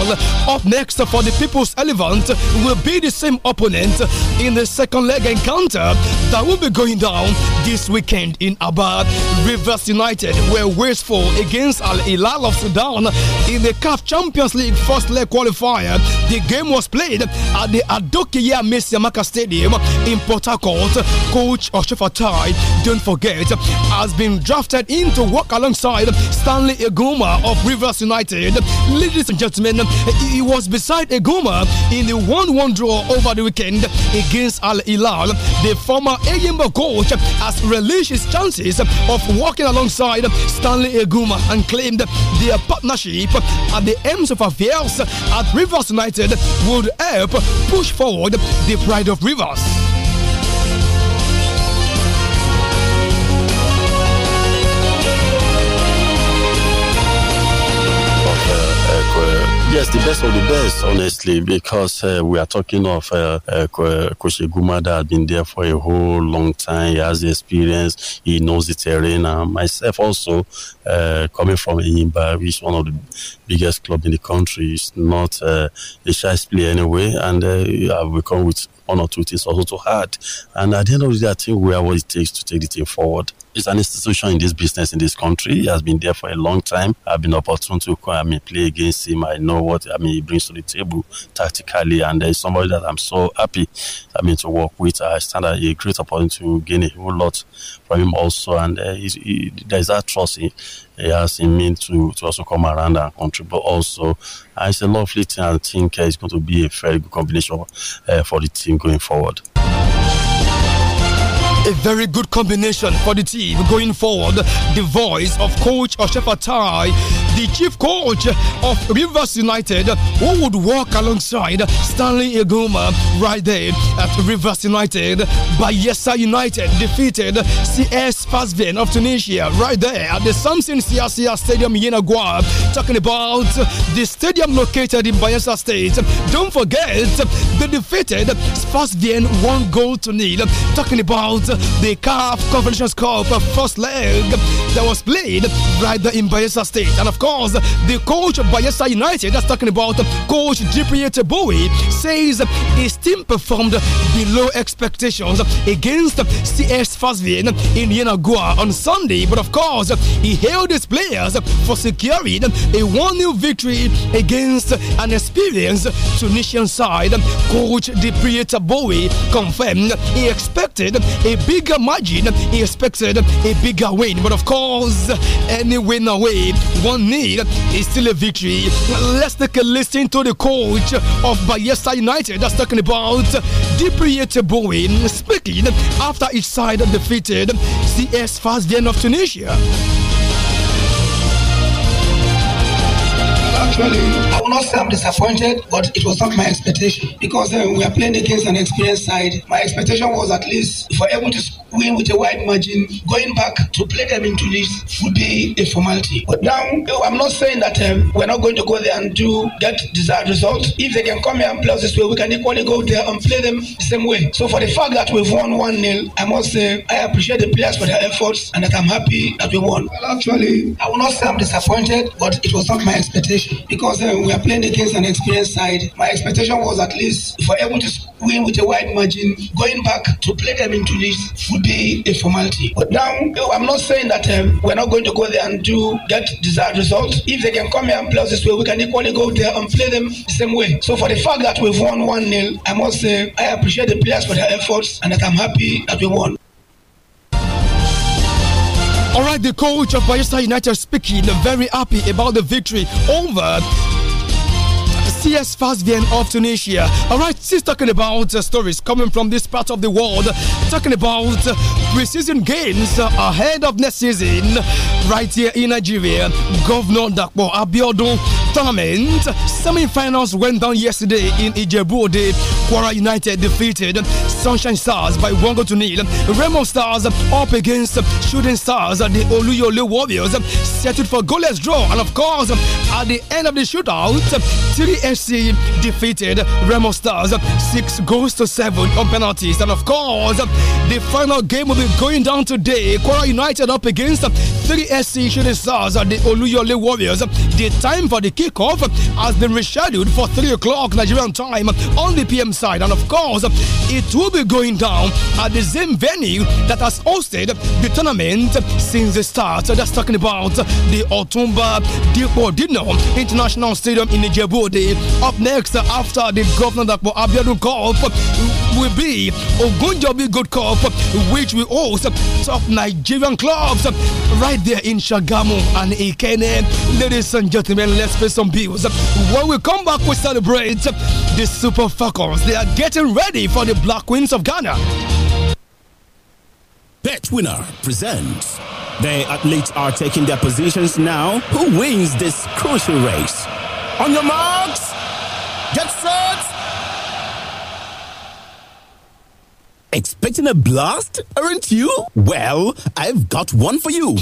Up next for the People's Elephant will be the same opponent in the second leg encounter that will be going down this weekend in Abad. Rivers United were wasteful against Al Hilal of Sudan in the CAF Champions League League first leg qualifier. The game was played at the Adokiya Mesiamaka Stadium in Port Harcourt. Coach Oshifatai, don't forget, has been drafted in to work alongside Stanley Egoma of Rivers United. Ladies and gentlemen, he was beside Egoma in the 1 1 draw over the weekend against Al Hilal. The former Ayimba coach has released his chances of working alongside Stanley Egoma and claimed their partnership at the ends of affairs at Rivers United would help push forward the pride of Rivers. Yes, the best of the best, honestly, because uh, we are talking of uh, uh, Coach Guma that has been there for a whole long time. He has the experience, he knows the terrain. And uh, myself also, uh, coming from Inimba, which is one of the biggest club in the country, it's not uh, a shy player anyway. And uh, i come with one or two things also to add. And at the end of the day, I think we are what it takes to take the team forward is an institution in this business in this country. He has been there for a long time. I've been opportune to I mean, play against him. I know what I mean he brings to the table tactically, and there's somebody that I'm so happy. I mean to work with. I stand at a great opportunity to gain a whole lot from him also, and uh, he, there's that trust he, he has in me to to also come around and contribute also. And it's a lovely thing. I think uh, it's going to be a very good combination uh, for the team going forward. A very good combination for the team going forward. The voice of coach Oshefatai, the chief coach of Rivers United, who would walk alongside Stanley Egoma right there at Rivers United. Bayesa United defeated CS Fasven of Tunisia right there at the Samson Siasia Stadium in Agua. Talking about the stadium located in Bayelsa State. Don't forget, they defeated Fasven one goal to nil. Talking about the CAF Conference Cup first leg that was played right there in Bayelsa State. And of course, the coach of Bayelsa United, that's talking about coach Dipriye Tebowi, says his team performed below expectations against CS Fasvin in Yenagua on Sunday. But of course, he hailed his players for securing a 1 0 victory against an experienced Tunisian side. Coach Dipriye Bowie confirmed he expected a bigger margin, he expected a bigger win. But of course, any win away, one need is still a victory. Let's take a listen to the coach of Bayesa United that's talking about Dipriete Bowen speaking after his side defeated CS Fast of Tunisia. Actually, I will not say I'm disappointed, but it was not my expectation because uh, we are playing against an experienced side. My expectation was at least if we're able to win with a wide margin, going back to play them into this would be a formality. But now, eh, I'm not saying that um, we're not going to go there and do get desired result. If they can come here and play us this way, we can equally go there and play them the same way. So for the fact that we've won 1 0, I must say I appreciate the players for their efforts and that I'm happy that we won. Well, actually, I will not say I'm disappointed, but it was not my expectation because eh, we are playing against an experienced side. My expectation was at least if we're able to win with a wide margin, going back to play them into this would be a formality. But now, oh, I'm not saying that um, we're not going to go there and do get desired results. If they can come here and play us this way, we can equally go there and play them the same way. So for the fact that we've won 1 0, I must say I appreciate the players for their efforts and that I'm happy that we won. All right, the coach of Manchester United speaking, very happy about the victory over TS Fasvien of Tunisia. All right, she's talking about uh, stories coming from this part of the world, talking about uh, preseason games uh, ahead of next season right here in Nigeria. Governor Dakpo Abiodun tournament. Semi-finals went down yesterday in ijebu De Quora United defeated Sunshine Stars by one goal to nil. Remo Stars up against Shooting Stars. The Oluyole Warriors settled for goalless draw. And of course, at the end of the shootout, 3SC defeated Remo Stars six goals to seven on penalties. And of course, the final game will be going down today. Quora United up against 3 SC Shooting Stars and the Oluyole Warriors. The time for the kickoff has been rescheduled for 3 o'clock Nigerian time on the PM side. And of course, it will be going down at the same venue that has hosted the tournament since the start. That's talking about the Otumba Dipodino International Stadium in Djibouti. Up next, after the Governor Dakpo Abiodun Cup, will be Ogunjobi Good Cup, which will host top Nigerian clubs right there in Shagamu and Ikene. Ladies and gentlemen, let's pay some bills. When we come back, we celebrate the Super Falcons. They are getting ready for the Black Queens of Ghana. Bet Winner presents. The athletes are taking their positions now. Who wins this crucial race? On your marks Expecting a blast, aren't you? Well, I've got one for you.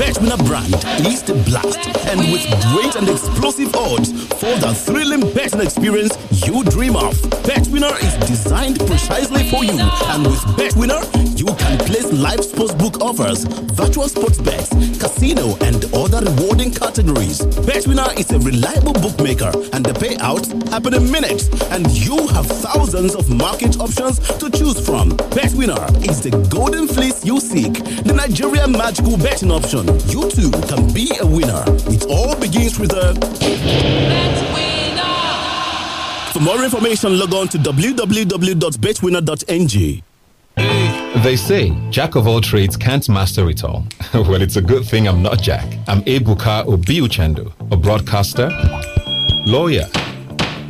Betwinner brand is the blast. And with great and explosive odds for the thrilling betting experience you dream of. Betwinner is designed precisely for you. And with Betwinner, you can place live sportsbook offers, virtual sports bets, casino, and other rewarding categories. Betwinner is a reliable bookmaker, and the payouts happen in minutes. And you have thousands of market options to choose from. Betwinner is the golden fleece you seek, the Nigeria magical betting option you too can be a winner. It all begins with a. Let's For more information, log on to www.betwinner.ng. They say Jack of all trades can't master it all. well, it's a good thing I'm not Jack. I'm Ebuka Obiuchendo, a broadcaster, lawyer,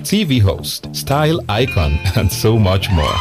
TV host, style icon, and so much more.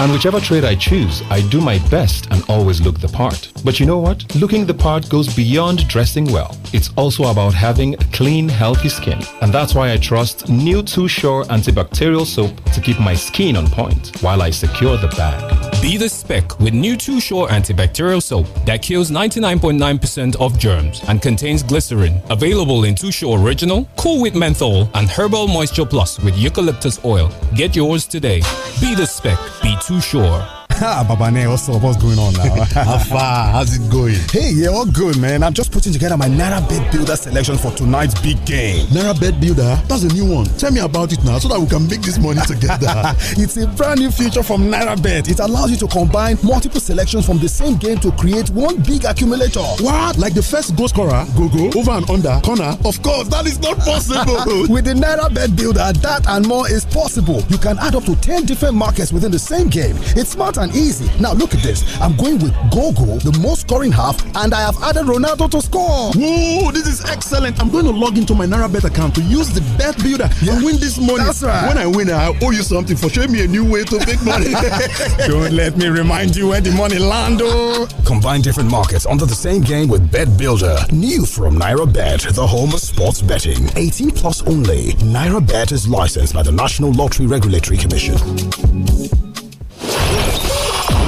And whichever trade I choose, I do my best and always look the part. But you know what? Looking the part goes beyond dressing well. It's also about having clean, healthy skin. And that's why I trust new Too Sure antibacterial soap to keep my skin on point while I secure the bag. Be the spec with new Too Sure antibacterial soap that kills 99.9% percent of germs and contains glycerin. Available in Too Sure Original, Cool with Menthol, and Herbal Moisture Plus with eucalyptus oil. Get yours today. Be the spec. Be too sure. Ah, Babane, what's up? What's going on now? How far? How's it going? Hey, yeah, all good, man. I'm just putting together my Naira Bed Builder selection for tonight's big game. Naira Bed Builder? That's a new one. Tell me about it now so that we can make this money together. it's a brand new feature from Naira Bet. It allows you to combine multiple selections from the same game to create one big accumulator. What? Like the first goal scorer, go go, over and under, corner? Of course, that is not possible. With the Naira Bet Builder, that and more is possible. You can add up to 10 different markets within the same game. It's smart and easy. Now look at this. I'm going with Gogo, the most scoring half, and I have added Ronaldo to score. Whoa, this is excellent. I'm going to log into my NaraBet account to use the bet builder yeah. and win this money. That's right. When I win, I owe you something for showing me a new way to make money. Don't let me remind you where the money lando. Oh. Combine different markets under the same game with Bet Builder. New from NaraBet, the home of sports betting. 18 plus only. NaraBet is licensed by the National Lottery Regulatory Commission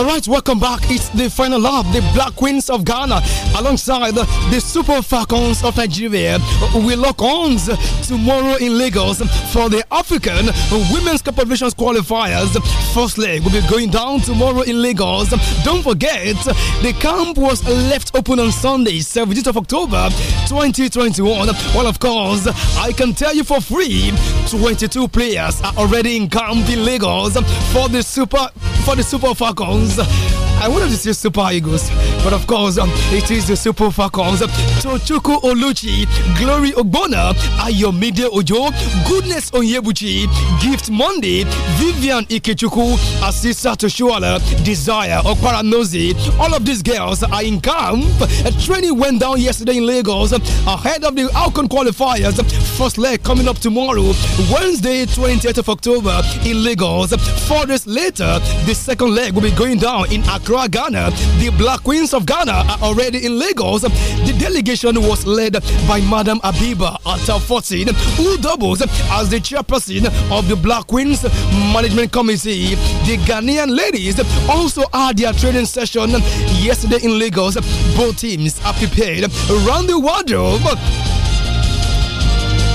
All right, welcome back. It's the final lap. The Black Queens of Ghana, alongside the Super Falcons of Nigeria, will lock horns tomorrow in Lagos for the African Women's Cup of Nations qualifiers. First leg will be going down tomorrow in Lagos. Don't forget, the camp was left open on Sunday, 17th of October, 2021. Well, of course, I can tell you for free, 22 players are already in camp in Lagos for the Super for the Super Falcons. Jones. I wanted to say Super Eagles, but of course, um, it is the Super Falcons. Tochuku Oluchi, Glory Ogbona, Ayomide Ojo, Goodness Onyebuchi, Gift Monday, Vivian Ikechuku, Asisa Toshuala, Desire Nosi. All of these girls are in camp. A training went down yesterday in Lagos ahead of the Alcon qualifiers. First leg coming up tomorrow, Wednesday, 28th of October in Lagos. Four days later, the second leg will be going down in Accra. Accra, Ghana. The Black Queens of Ghana are already in Lagos. The delegation was led by Madam Abiba Atal 14, who doubles as the chairperson of the Black Queens Management Committee. The Ghanaian ladies also had their training session yesterday in Lagos. Both teams are prepared around the wardrobe.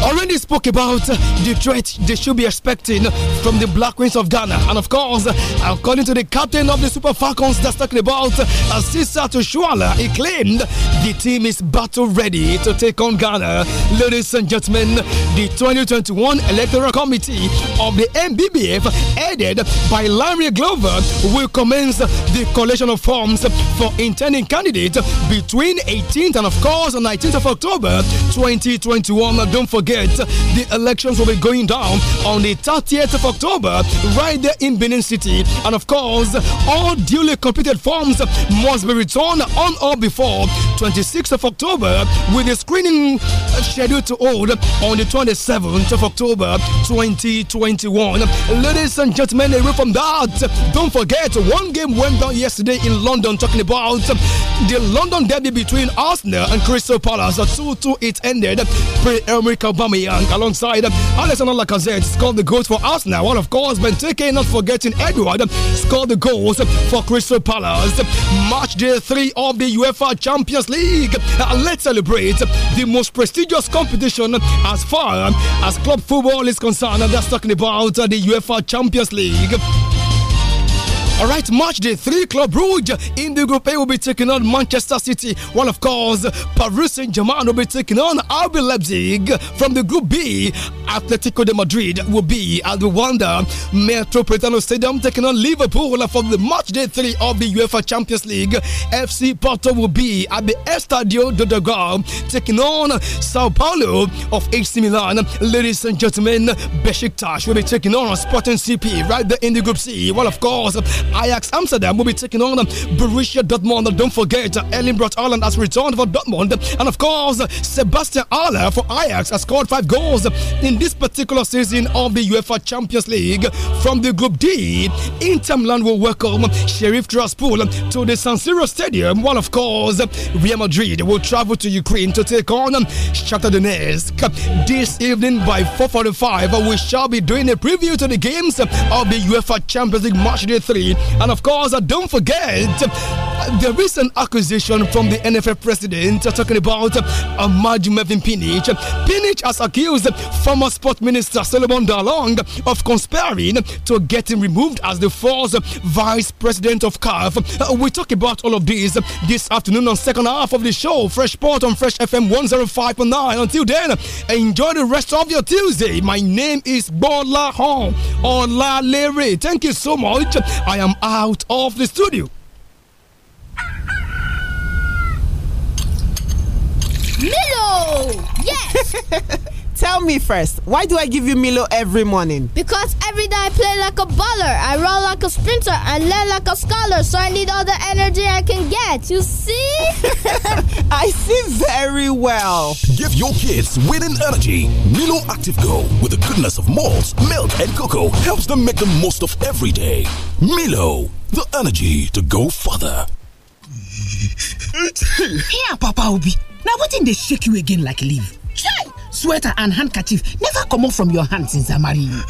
Already spoke about uh, the threat they should be expecting from the Black Queens of Ghana. And of course, uh, according to the captain of the Super Falcons that's talking about, uh, Asisa Toshuala, he claimed the team is battle ready to take on Ghana. Ladies and gentlemen, the 2021 Electoral Committee of the MBBF, headed by Larry Glover, will commence the collection of forms for intending candidates between 18th and, of course, 19th of October 2021. Don't forget forget, the elections will be going down on the 30th of October, right there in Benin City. And of course, all duly completed forms must be returned on or before 26th of October, with the screening scheduled to hold on the 27th of October 2021. Ladies and gentlemen, away from that, don't forget one game went down yesterday in London, talking about the London derby between Arsenal and Crystal Palace. 2 2 it ended. Pre-America Aubameyang alongside um, Alexander Lacazette scored the goals for Arsenal. Well, of course, Benteke, not forgetting Edward, um, scored the goals um, for Crystal Palace. Match day three of the UEFA Champions League. Uh, let's celebrate the most prestigious competition as far as club football is concerned. That's talking about uh, the UEFA Champions League. All right, match day three, Club Rouge in the Group A will be taking on Manchester City. While, of course, Paris Saint Germain will be taking on RB Leipzig from the Group B. Atletico de Madrid will be at the Wanda Metropolitano Stadium taking on Liverpool from the match day three of the UEFA Champions League. FC Porto will be at the Estadio do Dragão taking on Sao Paulo of AC Milan. Ladies and gentlemen, Besiktas will be taking on Sporting CP right there in the Group C. While, of course, Ajax Amsterdam will be taking on Borussia Dortmund. Don't forget, Erling Brot Haaland has returned for Dortmund. And of course, Sebastian Haller for Ajax has scored five goals in this particular season of the UEFA Champions League. From the Group D, Inter Milan will welcome Sheriff Tiraspol to the San Siro Stadium. While, of course, Real Madrid will travel to Ukraine to take on Shakhtar Donetsk. This evening by 4.45, we shall be doing a preview to the games of the UEFA Champions League Match Day 3 and of course, uh, don't forget, uh, the recent accusation from the NFF president uh, talking about Amaju Mevin Pinich. Pinich has accused former sports minister Solomon Dalong of conspiring to get him removed as the first vice president of CAF. We talk about all of this this afternoon on second half of the show, Fresh Port on Fresh FM 105.9. Until then, enjoy the rest of your Tuesday. My name is Bola Hong Ola Leary. Thank you so much. I am am out of the studio. Milo! Yes! Tell me first, why do I give you Milo every morning? Because every day I play like a baller, I run like a sprinter, I learn like a scholar, so I need all the energy I can get. You see? I see very well. Give your kids winning energy. Milo Active Go, with the goodness of malt, milk, and cocoa, helps them make the most of every day. Milo, the energy to go further. Here, Papa Obi. Now, what in they shake you again like leave? Chai! sweater and handkerchief never comot from your hand since i marry you.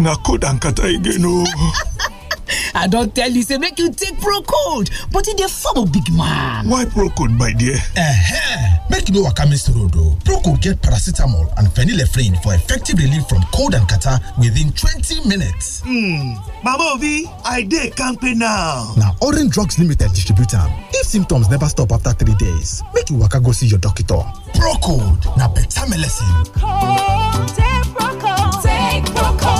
na cold and kata again o i don't tell you say make you take Procode, but e dey form of big man why Procode, my dear eh make you no waka miss road o oh. pro get paracetamol and phenylephrine for effective relief from cold and catar within 20 minutes hmm mama obi i dey campaign now Now orange drugs limited distributor. if symptoms never stop after three days make you waka go see your doctor pro code na beta melecine take pro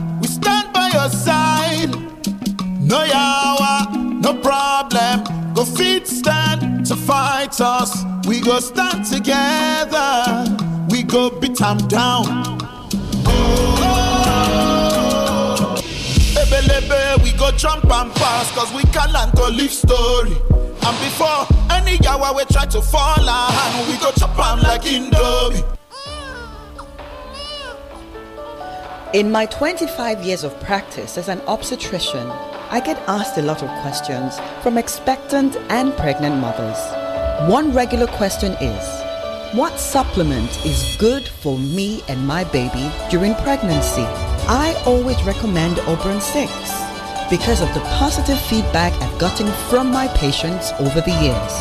No yawa, no problem. Go feed stand to fight us. We go stand together. We go beat them down. Oh. Ebelebe, we go jump and pass, cause we can't land to live story. And before any yawa we try to fall on, we go chop them like Indomie. In my 25 years of practice as an obstetrician, I get asked a lot of questions from expectant and pregnant mothers. One regular question is What supplement is good for me and my baby during pregnancy? I always recommend Oberon 6 because of the positive feedback I've gotten from my patients over the years.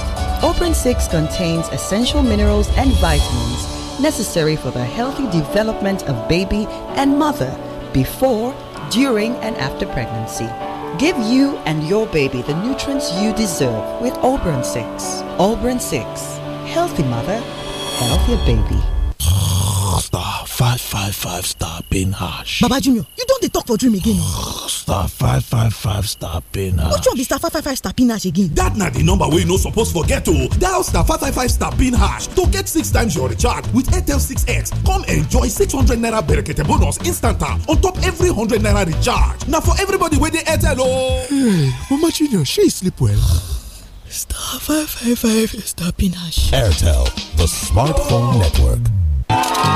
Oberon 6 contains essential minerals and vitamins necessary for the healthy development of baby and mother before, during, and after pregnancy. Give you and your baby the nutrients you deserve with Auburn 6. Auburn 6. Healthy mother, healthier baby. five five five star being harsh, Baba Junior, you don't dey talk for dream again. star five five five star being harsh. Which one be star five five five star being harsh again? That na di number wey you no suppose forget o. Dial star five five five star being harsh to get six times your recharge with Airtel 6x. Come enjoy six hundred naira berekete bonus instant on top every hundred naira recharge. Na for everybody wey dey Airtel o. Hey, Mama Junior, shey sleep well? Star five five five star being harsh. Airtel, the smartphone network.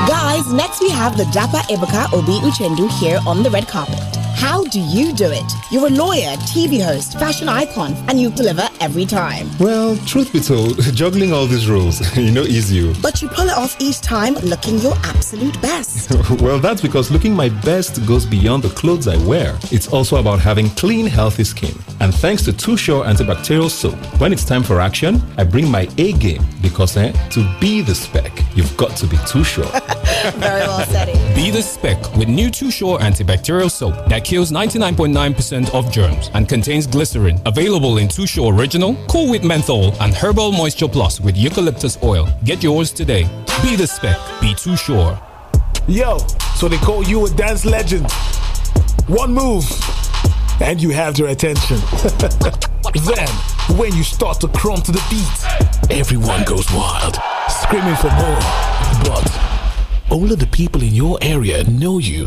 Guys, next we have the Dapa Ibaka Obi Uchendu here on the red carpet. How do you do it? You're a lawyer, TV host, fashion icon, and you deliver every time. Well, truth be told, juggling all these roles, you know, is you. But you pull it off each time looking your absolute best. well, that's because looking my best goes beyond the clothes I wear. It's also about having clean, healthy skin. And thanks to Too Sure antibacterial soap, when it's time for action, I bring my A game because eh, to be the spec, you've got to be Too Sure said. Be the spec with new Too Short antibacterial soap that kills 99.9% percent of germs and contains glycerin. Available in Too Short Original, Cool with Menthol, and Herbal Moisture Plus with eucalyptus oil. Get yours today. Be the spec. Be Too Short. Yo, so they call you a dance legend. One move, and you have their attention. then, when you start to crumb to the beat, everyone goes wild, screaming for more. But all of the people in your area know you.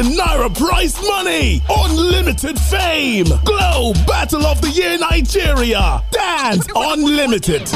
million naira prize money, unlimited fame, Glow Battle of the Year Nigeria, Dance Unlimited.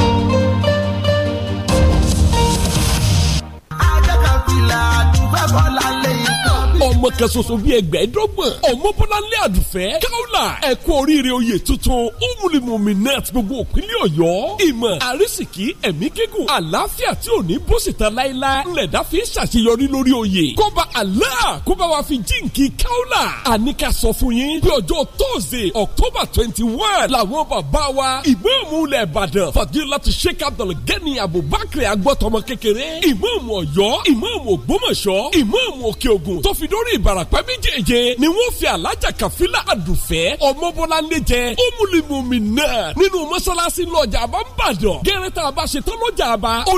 ọmọ kan bíi ẹgbẹ̀ẹ́dọ́gbọ̀n ọmọbọ́láńlé àdùfẹ́ káwùlà ẹ̀kú oríire oyè tuntun umulimumi net gbogbo òpínlẹ̀ ọ̀yọ́ ìmọ̀ àrísìkí ẹ̀mí gígùn àlàáfíà tí ò ní bó síta láéláé ńlẹ̀dá fi ṣàṣeyọrí lórí oyè kọ́ba Allah kó bá wa fi jíǹkì káwùlà àníkà sọ fún yín bí ọjọ́ tóòzè October twenty one làwọn bàbá wa ìmáàmù ilẹ̀ Ìbàdàn fàdílàtì Sheikh Abdulgani Abubakar agbọ́tọmọ kékeré ìmáàmù ọ̀yọ́ ìmáàmù ògbómọ̀ṣọ́ ìmáàmù òkè ògùn tó fi fi dórí ìbarapẹ́ méjèèje ni wọ́n fi alájà kàfílà àdùfẹ́ ọmọbọ́láńdé jẹ ómùlímùmí náà nínú mọ́ṣáláṣí lọ́jà àbá ń bàdàn gẹ́rẹ́ta àbá ṣetán lọ́jà àbá ó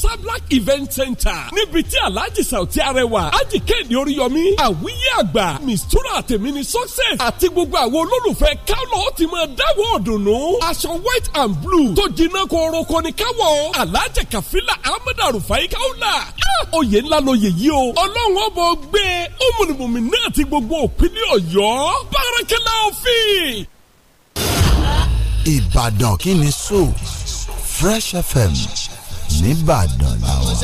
sablak event center níbi tí alájì sàùtí arẹwà ájì kéde oríyọmí àwíyé àgbà mistura àtẹ̀mí ni success àti gbogbo àwọn olólùfẹ́ kálọ̀ ti máa dáwọ́ ọ̀dùnnú aṣọ white and blue tó jiná korokò ní káwọ́ alájà kàfílà ahmed arufai káwọ́là ah, oyè ńlá lóye yìí o ọlọ́run ọ̀bọ gbé e ó mùnìmùnì náà ti gbogbo òpinlẹ̀ ọ̀yọ́ bárakẹ́lá òfin. ìbàdàn kí ni so Fresh FM nìbàdàn làwọn.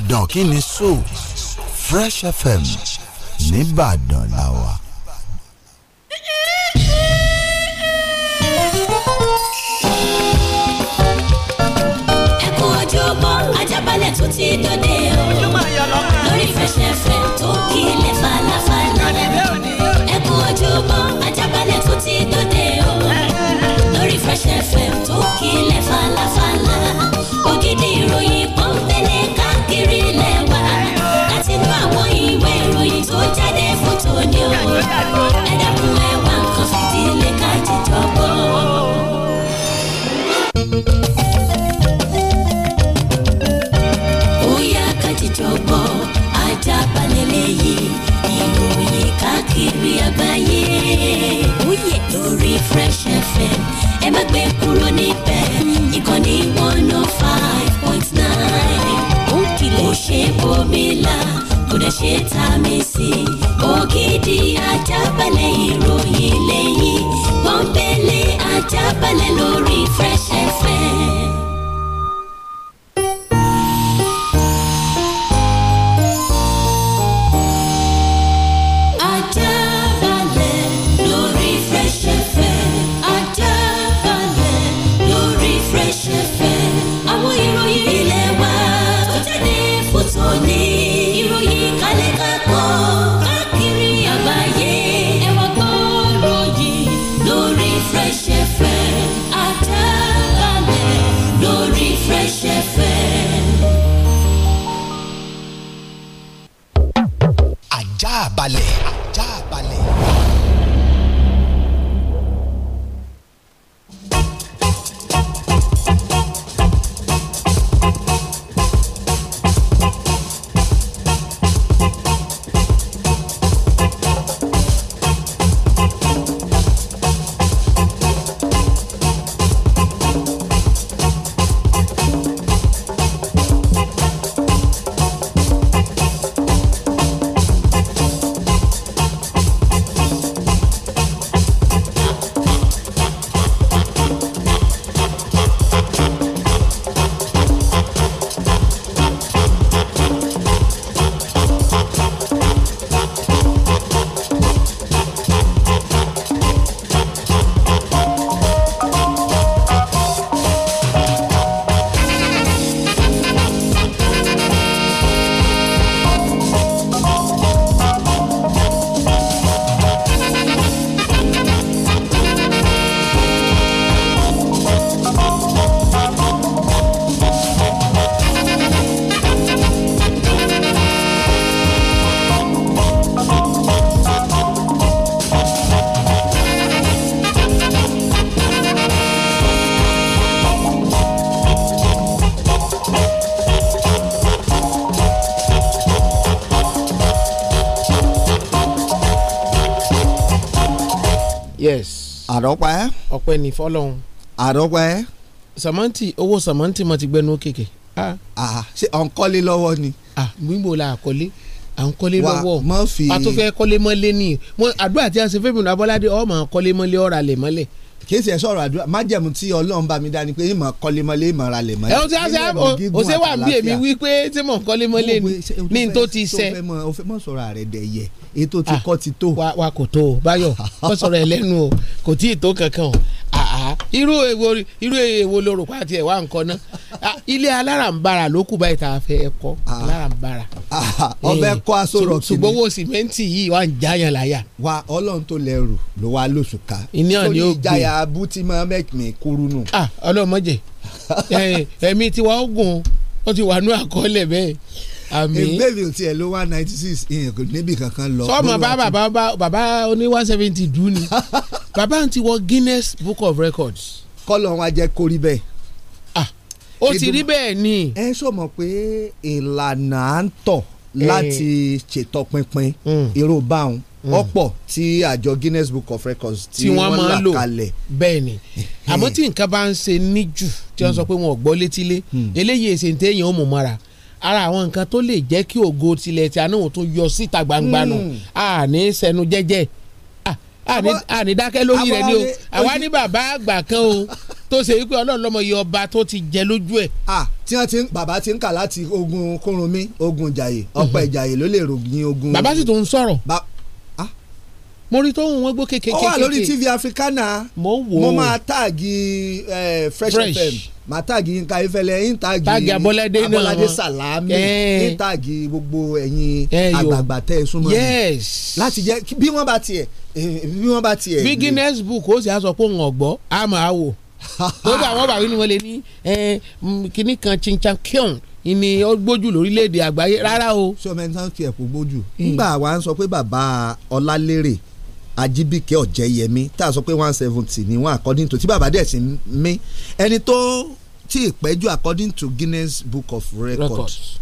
ìbàdàn kí ni so fresh fm nìbàdàn la wà. o lórí fresh fm tó kílẹ̀ falafala ẹ kú ojúbọ ajábalẹ̀ tó o lórí fresh fm tó kílẹ̀ falafala ògidì ìròyìn kan dàgbò. ẹ dẹ́kun ẹ wá nǹkan fìdílé ká jíjọ bọ̀. ó yá ká FM ẹ má gbé kúrò níbẹ̀ ìkànnì one oh five point nine ó kìlẹ̀ ó ṣe bòmílà kódà ṣe tá a mi sí. ògidì ajábalẹ̀ ìròyìn lẹ́yìn pọ́npẹ́lẹ́ ajábalẹ̀ lórí Fresh FM. ọpẹ́ ní fọlọ́hún. àdọ́pẹ́. sàmọ́ǹtì owó sàmọ́ǹtì mo ti gbẹnu kéèké. ṣé ọ̀nkọ́lé lọ́wọ́ ni. gbígbó la àkọ́lé à ń kọ́lé lọ́wọ́ a tó fẹ́ kọ́lé mọ́lé ní àdúrà tí a ṣe fẹ́ mi nù abọ́ládé ọmọ kọ́lé mọ́lé ọ̀rà lẹ̀ mọ́lẹ̀ kìí ṣe sọ̀rọ̀ àdúrà májẹ̀mú tí ọlọ́run bá mi dá ni pé ìmọ̀ kọ́lémọ́lé ìmọ̀ ra lè mọ́ ẹ o ti o ṣe wà bí èmi wí pé tí mò ń kọ́lémọ́lé ni tó ti ṣe. o fẹ́ mọ̀ sọ̀rọ̀ ààrẹ dẹ̀ yẹ ètò ti ah, kọ́ ti tó. wa kò tó o báyọ̀ kó sọ̀rọ̀ ẹ̀ lẹ́nu o kò tí ì tó kankan o irú èwo irú èwo ló rò pàtì ẹ̀ wá nǹkan náà ilé alárànbarà ló kù báyìí tá a fẹ́ kọ́ ah. alárànbarà. Ah, ọbẹ̀ kọ́ aṣọ rọ̀ kìíní ṣùgbọ́n owó sìmẹ́ǹtì yìí wà ń jáyàn láyà. wa ọlọ́run tó lẹ́rù ló wá lóṣù ká iná ni ó gbé ìjayà abúti máa mẹ́kìnì kúrú nù. Ah, ọlọ́mọdé ẹ̀mí tiwa ó gùn ó ti wà nú àkọọ́lẹ̀ bẹ́ẹ̀ ìgbéèlì ò tiẹ̀ ló one ninety six ìyẹn kò níbi kankan lọ. sọ́ọ̀mù bá bàbá bàbá oní one seventy dùn ni bàbá ti wọ Guinness Book of Records. kọ́lọ̀ wọn jẹ́ kórí bẹ́ẹ̀. Ah, ó ti rí bẹ́ẹ̀ ni. ẹ sọ mọ̀ pé ìlànà à ń tọ̀ eh. láti ṣètọpinpin hmm. irú báwọn hmm. ọ̀pọ̀ tí àjọ Guinness Book of Records Ti wọ́n máa ń lò bẹ́ẹ̀ ni àmọ́ tí nǹkan bá ń ṣe níjù tí wọ́n sọ hmm. pé wọn ò gbọ́ létílé eléyìí èsè ń téèyàn ó mú mọ́ra ara àwọn nǹkan tó lè jẹ́ kí ògo tilẹ̀ tí àná òun tún yọ síta gbangba nù àní hmm. sẹnu jẹ́jẹ́ àní dákẹ́ lórí rẹ̀ ni o àwa ní bàbá àgbà kan o tó ṣe wípé ọlọ́run lọ́mọ iye ọba tó ti jẹ lójú ẹ̀. tí wọ́n ti ń bàbá ti ń kà láti ogun kúrunmí ogun ìjàyè ọ̀pọ̀ mhm. ìjàyè ló lè rògbìn ogun. bàbá sì tó ń sọ̀rọ̀ mo rí tó ń wọ́n gbó kékeré. ó wà lórí TV Africana mo máa táàgì eh, Fresh FM màá tàgì Yínká Ayéfẹ́lẹ́ ń tàgì Abọ́ládé náà Abọ́ládé Sàlámì ń gbogbo ẹ̀yin àgbààgbà tẹ́ ẹ súnmọ́ mi láti jẹ́ eh, bí wọ́n bá tiẹ̀ bí wọ́n bá tiẹ̀. bí Book ó sì á sọ pé òun ọ̀gbọ́ á máa wò tó àwọn bàbá inú wọn lè ní mm, kíní kan chinchan kion ìní ó gbójú lórílẹ̀ àgbáyé rárá o. sọmẹ́ntàn tiẹ̀ kò gbójú hmm. nígbà wa ń sọ pé bàbá Ọlálérè Ajíbíkẹ́ Ọ̀jẹ́yẹmí tá a sọ pé one seventy ni wọn according to tí bàbá dẹ̀ sí mí ẹni tó tí ìpẹ́jọ́ according to Guinness Book of Records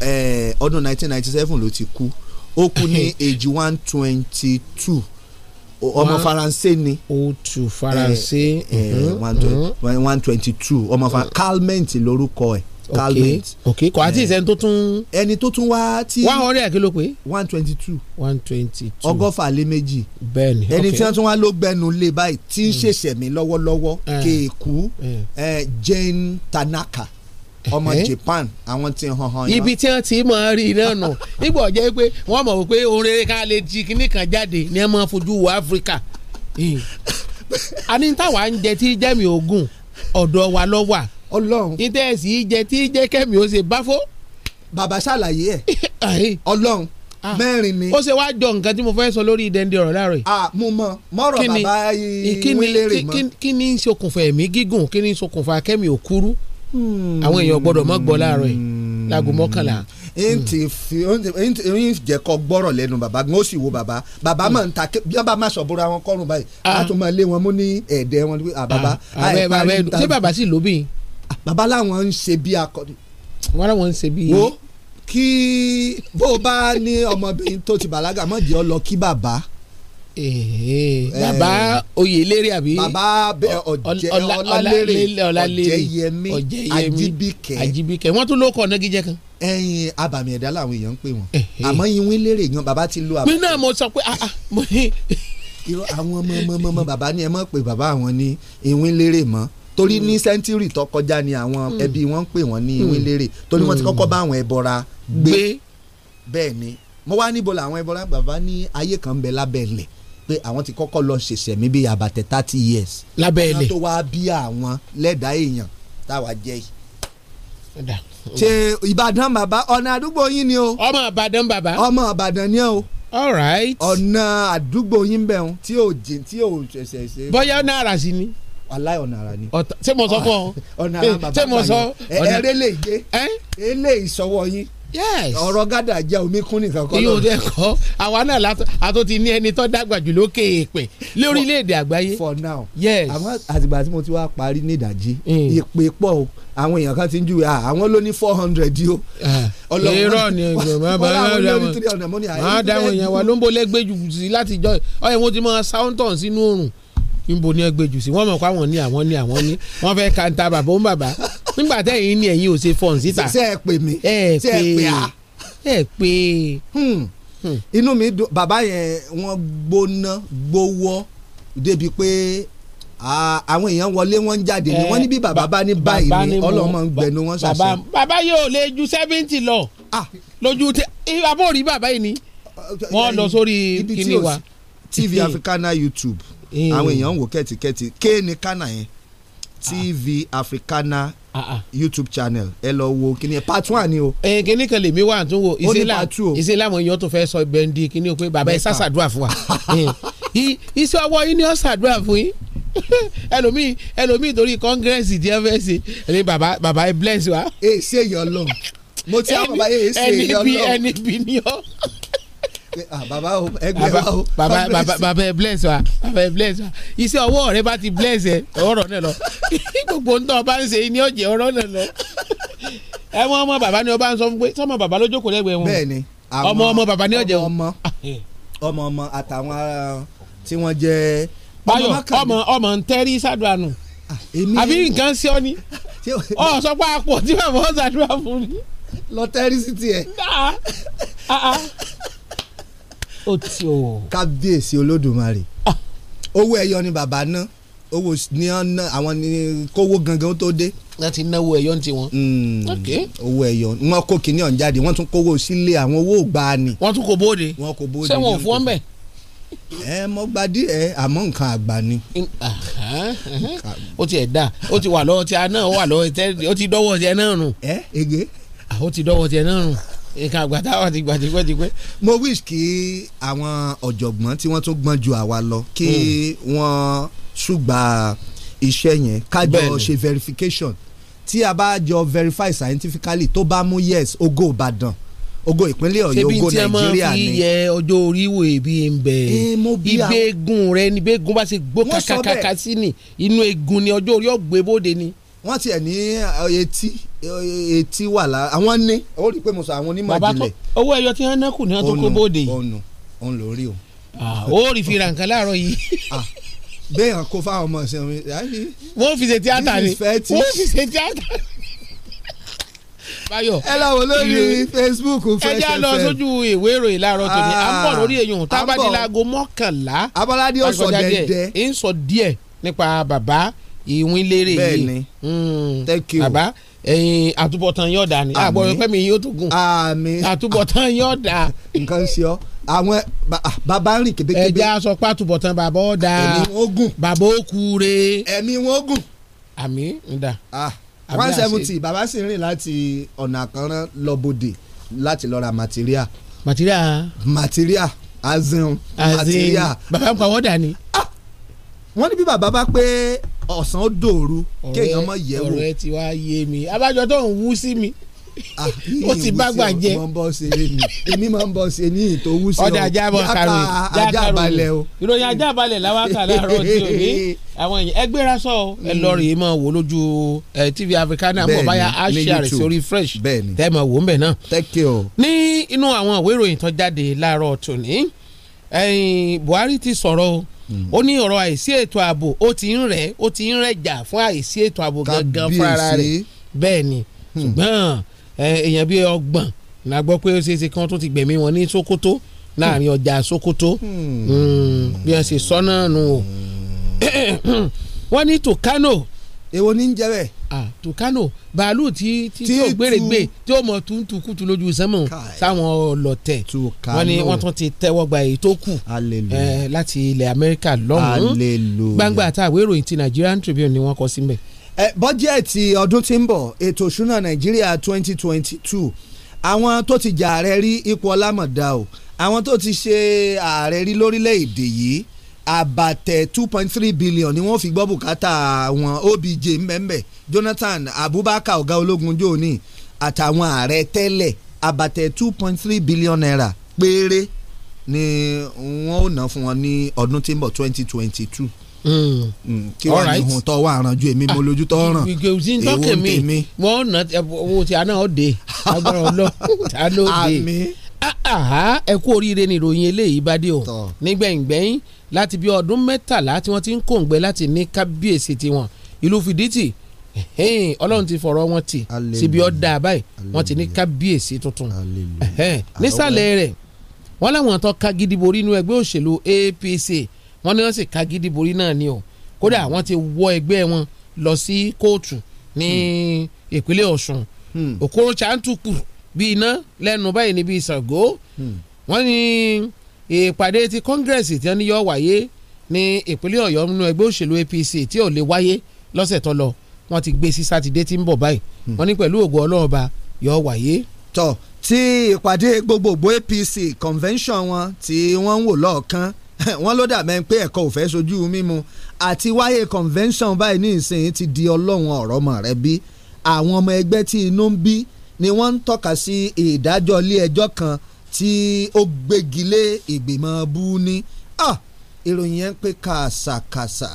eh, ọdún nineteen ninety seven ló ti kú ó kú ní age one twenty two ọmọ faransé ni. Oh o tu faransé. Eh, eh, mm-hmm. mm-hmm. one twenty two ọmọ faransé mm. calment lórúkọ ẹ̀ calmate. ok kò àti eh. ìsẹ́ni tó tún. ẹni tó tún wá tí. one hundred kí pé. one twenty two. one twenty two. ọgọ́fà lé méjì. bẹ́ẹ̀ni ok ẹni tí wọ́n tún wá ló gbẹnu lé báyìí tí ń mm. ṣèṣẹ̀ mí lọ́wọ́lọ́wọ́ eh. kéèkú eh. Jane Tanaka ọmọ eh, Japan àwọn tí ń hàn hàn yẹn. ibi tí wọn ti máa rí iná nù nígbà jẹ́ pé wọ́n mọ̀ pé orin rere ká lè jí kíní kan jáde ní ẹ máa fojú wo Áfíríkà. a ní táwa ń jẹ tí jẹ́mi ogun ọ̀dọ̀ wa lọ́wọ́ Ọlọ́run. ìtẹ̀sí jẹ tí jẹ́ kẹ́mi ó ṣe báfó. bàbá ṣàlàyé ẹ̀ Ọlọ́run ah. mẹ́rin ni. ó ṣe wá jọ nǹkan tí mo fẹ́ sọ lórí ìdẹ́ndé ọ̀rọ̀ láàárọ̀ yìí. ah mo mọ mọ́rọ̀ bàbá ìwílé rè mọ́. kí ni ṣokùnfà ẹ̀mí gígùn kí ni ṣokùnfà kẹ́mi òkúrú hmm. àwọn èèyàn gbọ́dọ̀ mọ́ gbọ́ láàárọ̀ yìí láago mọ́kànlá hmm. ntì fi ntì jẹ kọ gbọ́rọ̀ lẹ́nu baba n ó sì wo baba baba hmm. máa ń ta bí wọn bá máa sọ̀bùra wọn kọ́rùn báyìí ah. a tún máa lé wọn mú ní ẹ̀ẹ́dẹ́ wọn baba. àbẹ bàbá ah. ẹ ṣé baba sì lóbìn. Baba làwọn ń ṣe bí akọni. wọn làwọn ń ṣe bí. wo kí bó o bá ní ọmọbìnrin tó ti bàlágà mọ̀ jẹ́ ọ lọ kí bàbá bàbá oyèlérè àbí bàbá ọlálérè ọjẹyẹmí ajibike ajibike wọn tún ló kọ nẹgíjẹ kan. ẹyin abàmì ẹ̀dá làwọn èèyàn ń pè wọn àmọ́ iwin lérè yan bàbá ti lo àbàmì. mi náà mo sọ pé ah ah mo ní. irọ́ àwọn ọmọ ọmọ ọmọ bàbá ni ẹ mọ̀ pé bàbá àwọn ní iwin lérè mọ́ torí ní sẹ́ńtírì tó kọjá ni àwọn hmm. ẹbí wọn ń pè wọ́n ní ìwélérè hmm. torí wọ́n ti hmm. kọ́kọ́ bá àwọn ẹbọra gbé bẹ́ẹ̀ ni mo wá níbo làwọn ẹbọra bàbá ní ayé kan bẹ lábẹ́lẹ̀ pé àwọn ti kọ́kọ́ lọ ṣẹ̀ṣẹ̀ mi bíi àbàtẹ̀ thirty years lábẹ́lẹ̀ tó wá bí àwọn lẹ́dàá èèyàn táwa jẹ́ yìí ṣe ìbàdàn bàbá ọ̀nà àdúgbò yín ni o ọmọ ìbàdàn bàbá ọmọ ìbàdàn ni o all right ọ̀nà àdúgbò yín bẹ̀ ọ́n tí ò jìn tí ò ṣẹ̀ṣẹ̀ ṣe. bóyá náírà sí ni aláì ọ̀nà ara ni. ṣé mo sọ fún ọ. ọ̀nà ara bàbá àgbà yẹn ẹ̀rẹ́ lè jẹ́ ẹ̀lẹ́ ìsọwọ́ yín. yes ọ̀rọ̀ gádà jẹ́ omi kún nìkan kọ́ lọ́nà. yóò dé kọ́ àwa náà látó ti ní ẹni tó dàgbà jù lókè èèpẹ̀ lórílẹ̀‐èdè àgbáyé. for now yes àmọ́ àtìgbà tí mo ti wá parí ní ìdajì eh. ìpè pọ̀ o àwọn èèyàn kan ti ń júwe àwọn ló ní four hundred yìí o. Eh. irọ́ ni ìgbìmọ̀ bá dáwọn èèyàn wa ló ń bolẹ́gbẹ́jù sí látijọ́ ọ̀yẹ̀wò ti máa sáwọ́ntàn sínú oòrùn níbo ni ẹ gbé jù sí wọ́n mọ̀ pé àwọn ní àwọn ní àwọn ní wọ́n fẹ́ ka ta bàbá òun bàbá nígbà tẹ́yìn ní ẹ̀yin ò ṣe fọ́ọ̀n síta. ṣe é pè mí ṣe é pè á. ẹ pè hmm. Hmm. inú mi dùn bàbá yẹn wọ́n gbóná gbówọ́ débi pé àwọn èèyàn wọlé wọn ń jáde ni wọ́n ní bí bàbá bá ní báyìí ni ọlọ́mọ ń gbẹnu wọn ṣàṣẹ. bàbá yóò lè ju seventy lọ ah. lójú tẹ abórí bàbá yìí ni wọ́n lọ sórí kíní wa. TV Africana YouTube Eh. àwọn èèyàn ń wò kẹ́tìkẹ́tì ké ní kánà yẹn tv africana ah, ah, ah. youtube channel ẹ lọ wo kí ẹ part one ni o. ẹ eh, kíní kan lèmi wà tún wo ìṣe láwọn èèyàn tó fẹ́ sọ bẹ́ndì kíní o pé bàbá ẹ sàṣàdúrà fún wa eh, iṣẹ́ ọwọ́ yín ni ó ṣàdúrà fún yín ẹlòmíì ẹlòmíì torí kọ́ngírẹ́sì tí ẹ fẹ́ ẹni bàbá bàbá ẹ bless wa. èsì èyàn lọ mo ti àwọn bàbá yẹn èsì èyàn lọ ẹni bí ẹni bí ni ọ. Ah, bàbá o ẹgbẹ́ wa o. bàbá bàbá ẹ bless wa bàbá ẹ bless wa iṣẹ́ ọwọ́ rẹ bá ti bless ẹ ọ̀rọ̀ náà lọ gbogbo ń tọ́ ọba ń ṣe ni ọ̀jẹ̀ ọ̀rọ̀ náà lọ. ẹ mọ ọmọ bàbá ni ọba ń sọ fún pé sọmọ bàbá ló jókòó lẹ́gbẹ̀ẹ́ wọn. bẹ́ẹ̀ni ọmọ ọmọ bàbá ni ọjẹ wọn. ọmọ ọmọ àtàwọn tí wọ́n jẹ́. báyọ̀ ọmọ ọmọ ń tẹ́rí sádùá nù ah, àbí nǹkan sí ọ ni ọ sọ pé àpò tí bàbá ọ̀ sàdúrà fún mi. lọ tẹ́rí sí tiẹ̀ ó ti o. kábíyèsí olódùmarè ah. owó ẹyọ ni bàbá ná owó ní ọ̀nà àwọn ní kówó gangan tó dé. láti náwó ẹyọ ní tiwọn. Hmm. owó ẹyọ wọn kó kinní ọ̀hún jáde wọ́n tún kówó sílé àwọn owó ògbà ni. wọ́n tún kó bóde. wọ́n kó bóde. sẹ́wọ̀n fún ọ́n bẹ́ẹ̀ ẹ mọ gba díẹ̀ àmọ́ nǹkan àgbà ni. ó ti ẹ̀ dà ó ti wà lọ́wọ́ tí a náà wà lọ́wọ́ tí ó ti ẹ náà rùn. ẹ ege. ó ti dọ́wọ́ tí ẹ náà rùn nǹkan àgbàtà wọn ti gbà tipẹ́tipẹ́. mo wish kí àwọn ọ̀jọ̀gbọ́n tí wọ́n tún gbọ́n ju àwa lọ kí hmm. wọ́n ṣùgbà iṣẹ́ yẹn kájọ ṣe verification tí a bá jọ verify scientifically tó bá mú yes ogo ìbàdàn ogo ìpínlẹ̀ ọ̀yọ́ ogo nàìjíríà ni. ṣebí tí a máa fi yẹ ọjọ́ orí wo èbí ń bẹ ìbégun rẹ ni ìbégun bá ṣe gbó kàkàkàkà sí ni inú egun ni ọjọ́ orí ọ̀gbẹ́ ni wọ́n tiẹ̀ ní etí etí wà lára àwọn ní ó rí i pé mo sọ àwọn onímọ̀ ìjìnlẹ̀. owó ẹyọ tí wọ́n ná kù ni wọ́n tó kó bóde yìí. ònù ònù lórí o. ó rí fi ra nǹkan láàárọ̀ yìí bẹ́ẹ̀ yàn kó fáwọn ọmọ ọ̀sẹ̀ mi. wọ́n fi ṣe tíátà ni wọ́n fi ṣe tíátà ni. Báyọ̀ ẹ lọ́wọ́ lórí Facebook Fresh FM. ẹ jẹ́ lọ sójú ìwé ìròyìn láàárọ̀ tòní à ń lórí èyàn tá a di láago mọ́kànlá. Abọ́ládé ó sọ dẹ́dẹ́. ń sọ díẹ̀ nípa bàbá ìwínlérè yìí bẹ́ẹ̀ni hmm. thank you bàbá ẹyin àtúbọ̀tán yóò dà ní àgbọ̀rọ̀ pẹ́mi yóò tó gùn àmín yóò dà. nǹkan ṣe ọ́ àwọn ah, bàbá ń rìn kébékébé. ẹja sọ pé àtúbọ̀tán bàbá ó da bàbá ó kúre. ẹ̀mí wọn gùn. àmín ń dà. Ah, one seventy bàbá sì ń rìn láti ọ̀nà àkànrán lọ́bodè láti lọ ra material. material. material azin. azin material. bàbá ń pa wọ́dà ni. ah wọ́n ní bí bàbá bá pé ọ̀sán dòru kéèyàn mọ̀ yẹ̀ wò. ọ̀rẹ́ ti wá yé mi abájọ tó ń wú sí mi ah, ó ti bá gbà jẹ èmi máa ń bọ̀ ṣe ní ìtò wú sí ọ ọdẹ ajá bọ kàrò ajá balẹ̀ o. ìròyìn ajá balẹ̀ làwọn kà láàárọ̀ tí ò ní àwọn èèyàn ẹ gbéra ẹ lọ rèé máa wò lójú TV Africana mọ̀ báyà á share sórí fresh tẹ́ ẹ máa wò ń bẹ̀ náà. ní inú àwọn ìwé ìròyìn tó jáde láàárọ̀ tòní Buhari ti sọ̀rọ̀ o ó ní ọ̀rọ̀ àìsí ètò ààbò ó ti ń rẹ̀ ó ti ń rẹ̀jà fún àìsí ètò ààbò gangan fúnra rẹ̀ bẹ́ẹ̀ ni hmm. ṣùgbọ́n èèyàn bíi ọgbọ̀n la gbọ́ pé ó ṣeé ṣe kí wọ́n ti gbẹ̀mí wọn ní Sokoto láàrin ọjà Sokoto hmm. hmm. bí wọ́n ṣe sọ náà nù o wọ́n ní tòkánò èwo ní ń jẹ bẹ́ẹ̀. ah tukano bàálù tí tí yóò gbèrègbè tí yóò mọ tuntukutu lójú sẹ́mọ̀ sáwọn ọlọ́tẹ̀ wọ́n ní wọ́n tún ti tẹ́wọ́ gba èyí tó kù láti ilẹ̀ amẹ́ríkà lọ́hùn gbangba àtàwé ìròyìn ti Nigerian Tribune ni wọ́n kọ síbẹ̀. ẹ bọ́jẹ̀tì ọdún tí ń bọ̀ ètò ìṣúná nàìjíríà twenty twenty two àwọn tó ti jà ààrẹ rí ipò ọlámọ̀dá o àwọn tó ti ṣe ààrẹ rí lórílẹ̀‐èdè yìí àbàtẹ̀ two point three billion ni wọ́n fi gbọ́ bùkátà wọn obj mbẹ́mbẹ́ Jonathan Abubakar ọ̀gá ológun jóòní àtàwọn ààrẹ tẹ́lẹ̀ àbàtẹ̀ two point three billion naira péré ni wọ́n ò ná fún wọn ní ọdún tí ń bọ̀ twenty twenty two hmm. Hmm, kí wọ́n ní ohun tó wà ránjú èmi mo lójú tó ràn èwo ń tèmi. wọ́n ná owó tí a náà dé agbára ọlọ́ọ̀ àmì ah, ah, ah, ẹ kú oríire ni ìròyìn eléyìí bá dé o nígbẹ̀yìngbẹ̀yìn láti bí ọdún mẹ́tàlá tí wọ́n ti ń kóńgbé láti ní kábíyèsí tiwọn ìlú fìdítì ọlọ́run ti fọ̀rọ̀ wọn tì síbi ọ̀dà báyìí wọ́n ti ní kábíyèsí tuntun nísàlẹ̀ rẹ̀ wọ́n láwọn tó ka gidi borí inú ẹgbẹ́ òṣèlú APC wọ́n ní wọ́n sì ka gidi borí náà ni o kódà wọ́n ti wọ ẹgbẹ́ wọn lọ sí kóòtù ní hmm. ìpínlẹ̀ Ọ̀ṣun hmm. Okorocha ń tukù bí iná lẹ́nu báyìí níbi ìsàgó hmm. wọ́n ní. Hmm ìpàdé ti congress tí wọ́n ní yọ wáyé ní ìpínlẹ̀ ọ̀yọ́ nínú ẹgbẹ́ òṣèlú apc tí ò lè wáyé lọ́sẹ̀ tó lọ wọ́n ti gbé sí sátidé tí ń bọ̀ báyìí hmm. wọ́n ní pẹ̀lú ògo ọlọ́run ọba yọ wáyé. tọ tí ìpàdé gbogbogbò apc convention wọn tí wọ́n ń wò lọ́ọ̀kan wọ́n ló dà mẹ́rin pé ẹ̀kọ́ ò fẹ́ sojú mímu àti wáyé convention báyìí ní ìsìn ti di ọlọ́run ọ̀rọ̀ mọ̀ rẹ bí àwọn ọmọ ẹgbẹ́ tí inú ń bí ni wọ́n ń tọ́ka sí ìdájọ́ ilé ẹjọ́ kan tí ó gbégi lé ìgbìmọ̀ búni ah, ìròyìn yẹn ń pè kàṣàkàṣà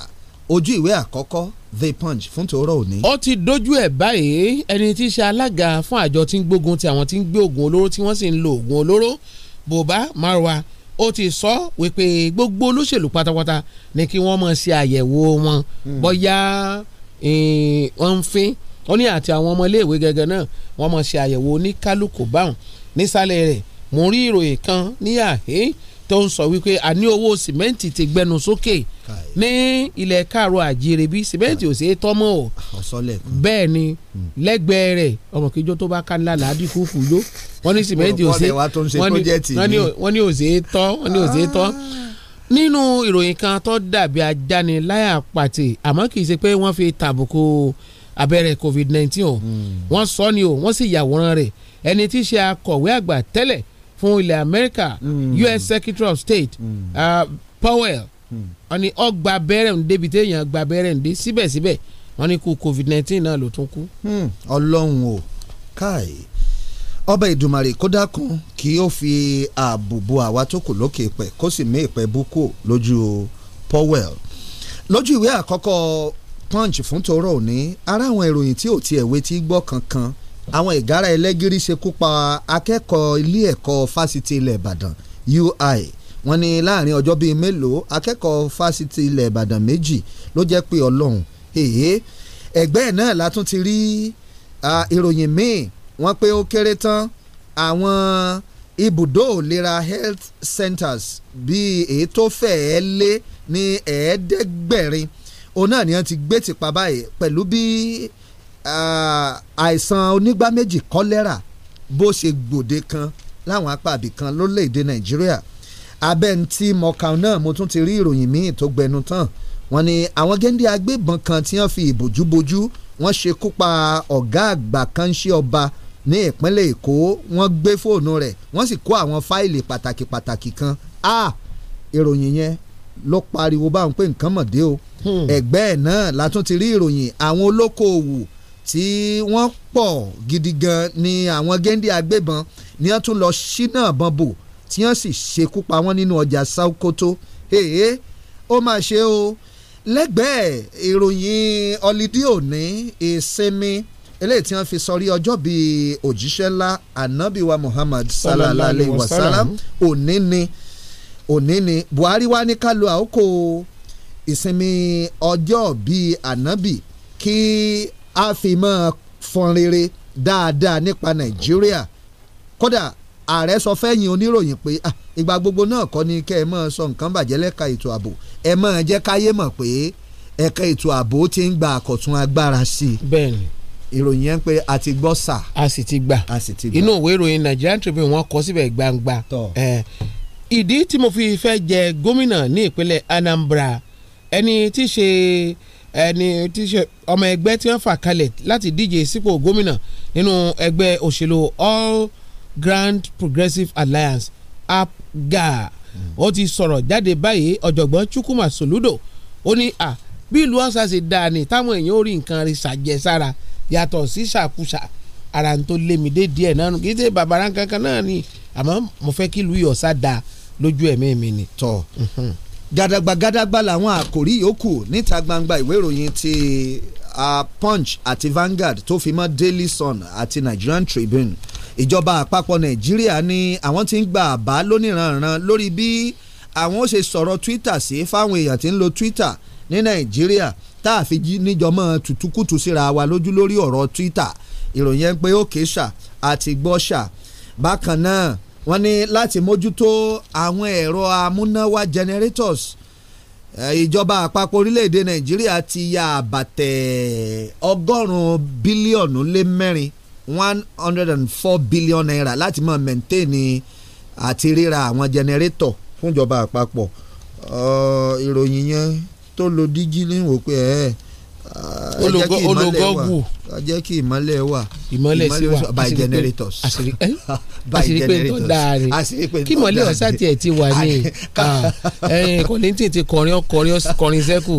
ojú ìwé àkọ́kọ́ the punch fún tòórọ́ òní. ó ti dojú ẹ̀ báyìí ẹni tí í ṣe alága fún àjọ tí ń gbógun ti àwọn tí ń gbé oògùn olóró tí wọ́n sì ń lo oògùn olóró Buba Marwa ó ti sọ wípé gbogbo olóṣèlú pátápátá ni kí wọ́n máa ṣe àyẹ̀wò wọn hmm. bóyá eh, wọ́n ń fín ó ní àti àwọn ọmọ iléèwé gẹ́gẹ́ náà wọ́n máa ṣe àyẹ̀wò oníkálukú báwọn nísàlẹ̀ rẹ̀ mo rí ìròyìn kan ní àhín tó ń sọ wípé a ní owó sìmẹ́ǹtì ti gbẹnu sókè ní ilẹ̀ káàró àjíire bí sìmẹ́ǹtì ò sí tọ́mọ̀ o bẹ́ẹ̀ ni hmm. lẹ́gbẹ̀ẹ́ rẹ̀ ọmọ kíjó tó bá kánilá làádì fúfú yó wọ́n ní sìmẹ́ǹtì ò sí wọ́n ní ò sí tọ́ wọ́n ní ò sí tọ́ nínú ìròyìn kan tó dàbí ajániláyà pàtì àmọ́ kì í ṣe pé wọ́n fi tàbùkù abẹ́rẹ́ covid nineteen o hmm. wọ́n sọ ni o wọ́n sì yàwòrán rẹ̀ ẹni tí í ṣe akọ̀wé àgbà tẹ́lẹ̀ fún ilẹ̀ Amẹ́ríkà mm. US Secretary of State mm. uh, Powell mm. wọ́n ní ọgbà abẹ́rẹ́ ń débi téèyàn gba abẹ́rẹ́ ń dé síbẹ̀síbẹ̀ wọ́n ní kú covid nineteen náà ló tún kú. Hmm, ọlọ́run o káì ọba ìdùmarè kó dákun kí ó fi ààbò bo àwa tó kù lókè pẹ̀ kó sì mí ìpẹ́ búkú lójú Powell lójú ìwé àkọ́kọ́ punch fún tòró òní ara àwọn ìròyìn tí ò tiẹ̀ wetí gbọ́ kankan àwọn ìgárá ẹlẹ́gìrì ṣekú pa akẹ́kọ̀ọ́ ilé ẹ̀kọ́ fásitì ilẹ̀ Ìbàdàn UI wọ́n ní láàrin ọjọ́ bíi mélòó akẹ́kọ̀ọ́ fásitì ilẹ̀ Ìbàdàn méjì ló jẹ́ pé Ọlọ́run èyí ẹgbẹ́ náà la tún ti rí ìròyìn míì wọ́n pé ó kéré tán àwọn ibùdó ìlera health centers bíi èyí tó fẹ́ẹ́ lé ní ẹ̀ẹ́dẹ́gbẹ̀rin òun náà ni wọ́n ti gbé tìpa báyìí pẹ̀lú bíi Ah, àìsàn onígbá méjì kọ́lẹ́rà bó ṣe gbòde kan láwọn apá àbí kan lórílẹ̀‐èdè nàìjíríà abẹ́ntí mọ̀kàn náà mo tún ti rí ìròyìn míì tó gbẹnu tán wọ́n ní àwọn géńdé agbébọn kan tí wọ́n fi ìbòjúbojú wọ́n ṣekú pa ọ̀gá àgbà kan ṣe ọba ní ìpínlẹ̀ èkó wọ́n gbé fóònù rẹ̀ wọ́n sì kó àwọn fáìlì pàtàkì pàtàkì kan a ah, ìròyìn yẹn ló pariwo báwọn pé nǹkan mọ̀dé o hmm. ẹ̀gbẹ́ ẹ̀ náà látún ti rí ìròyìn àwọn olókoòwò tí wọ́n pọ̀ gidi gan ni àwọn géńdé agbébọn ni wọ́n tún lọ ṣínà àbọn bò tí wọ́n sì ṣekú pa wọ́n nínú ọjà Sókótó èyí ó máa ṣe o lẹ́gbẹ̀ẹ́ ìròyìn ọ̀lídé òní ìsinmi eléyìí tí wọ́n fi sọrí ọjọ́ bíi òjíṣẹ́ ńlá anabiwa Muhammad sallallahu alayhi wa sallam òní ni òní ni Buhari wá ní kálu àkókò ìsinmi ọjọ́ bíi anabi kí a fi máa fọn rere dáadáa nípa nàìjíríà kódà ààrẹ sọ fẹ́yìn oníròyìn pé ah, ìgbà gbogbo náà kọ́ ni kẹ́ ẹ máa sọ nǹkan bàjẹ́ lẹ́ka ètò ààbò ẹ máa jẹ́ káyé mọ̀ pé ẹ̀ka ètò ààbò ti ń gba àkọ̀tún agbára sí i. bẹ́ẹ̀ni ìròyìn yẹn pé a ti gbọ́ sà. a sì ti gbà inú ìwé ìròyìn Nigerian Tribune wọn kọ síbẹ̀ gbangba. ìdí tí mo fi fẹ́ jẹ gómìnà ní ìpínlẹ̀ Anambra ẹni tí í ṣe ẹni tí ṣe ọmọ ẹgbẹ́ tí wọ́n fà kalẹ̀ láti díje sípò gómìnà nínú ẹgbẹ́ òṣèlú All Grand Progressive Alliance APGA hmm. ó ti sọ̀rọ̀ jáde báyìí ọ̀jọ̀gbọ́n Chukwuma Soludo ó ní à bí ìlú ọ̀sà ṣe dáa ni táwọn èèyàn ó rí nǹkan rí ṣàjẹsára yàtọ̀ sí ṣàkúṣà ara ń tó lémi dé díẹ̀ náà nù kí ṣe bàbá kankan náà ni àmọ́ mo fẹ́ kí ìlú ìyọ̀sà dáa lójú ẹ̀mí mi ni gàdàgbàgàdàgbà làwọn àkòrí yòókù níta gbangba ìwé ìròyìn ti uh, Punch àti Vanguard tó fi mọ́ Daily Sun àti Nigerian Tribune ìjọba àpapọ̀ Nàìjíríà ni àwọn ti ń gba àbá lóníranran lórí bí àwọn ó ṣe sọ̀rọ̀ Twitter sí fáwọn èèyàn tí ń lo Twitter ní Nàìjíríà tá a fi níjọmọ́ tutukutu síra wa lójú lórí ọ̀rọ̀ Twitter ìròyìn pé ó kéṣà àti gbọ́ṣà bákan náà wọ́n ní láti mójútó àwọn ẹ̀rọ amúnáwá generators ìjọba àpapọ̀ orílẹ̀-èdè nàìjíríà ti ya àbàtẹ̀ ọgọ́rùn-ún bílíọ̀nù lé mẹ́rin one hundred and four billion naira láti máa maintain àti ríra àwọn generator fúnjọba àpapọ̀ ìròyìn yẹn tó lo dígí ní wò pé ẹ ẹ jẹ́ kí ìmọ̀lẹ̀ wà ká jẹ́ kí ìmọ́lẹ̀ wà ìmọ́lẹ̀ sí wà by generators by generators àṣírí pé kí ìmọ́lẹ̀ ọ̀sá tiẹ̀ ti wà ní ah, eh, kò ní tètè kọrin kọrin kọrin sẹ́kù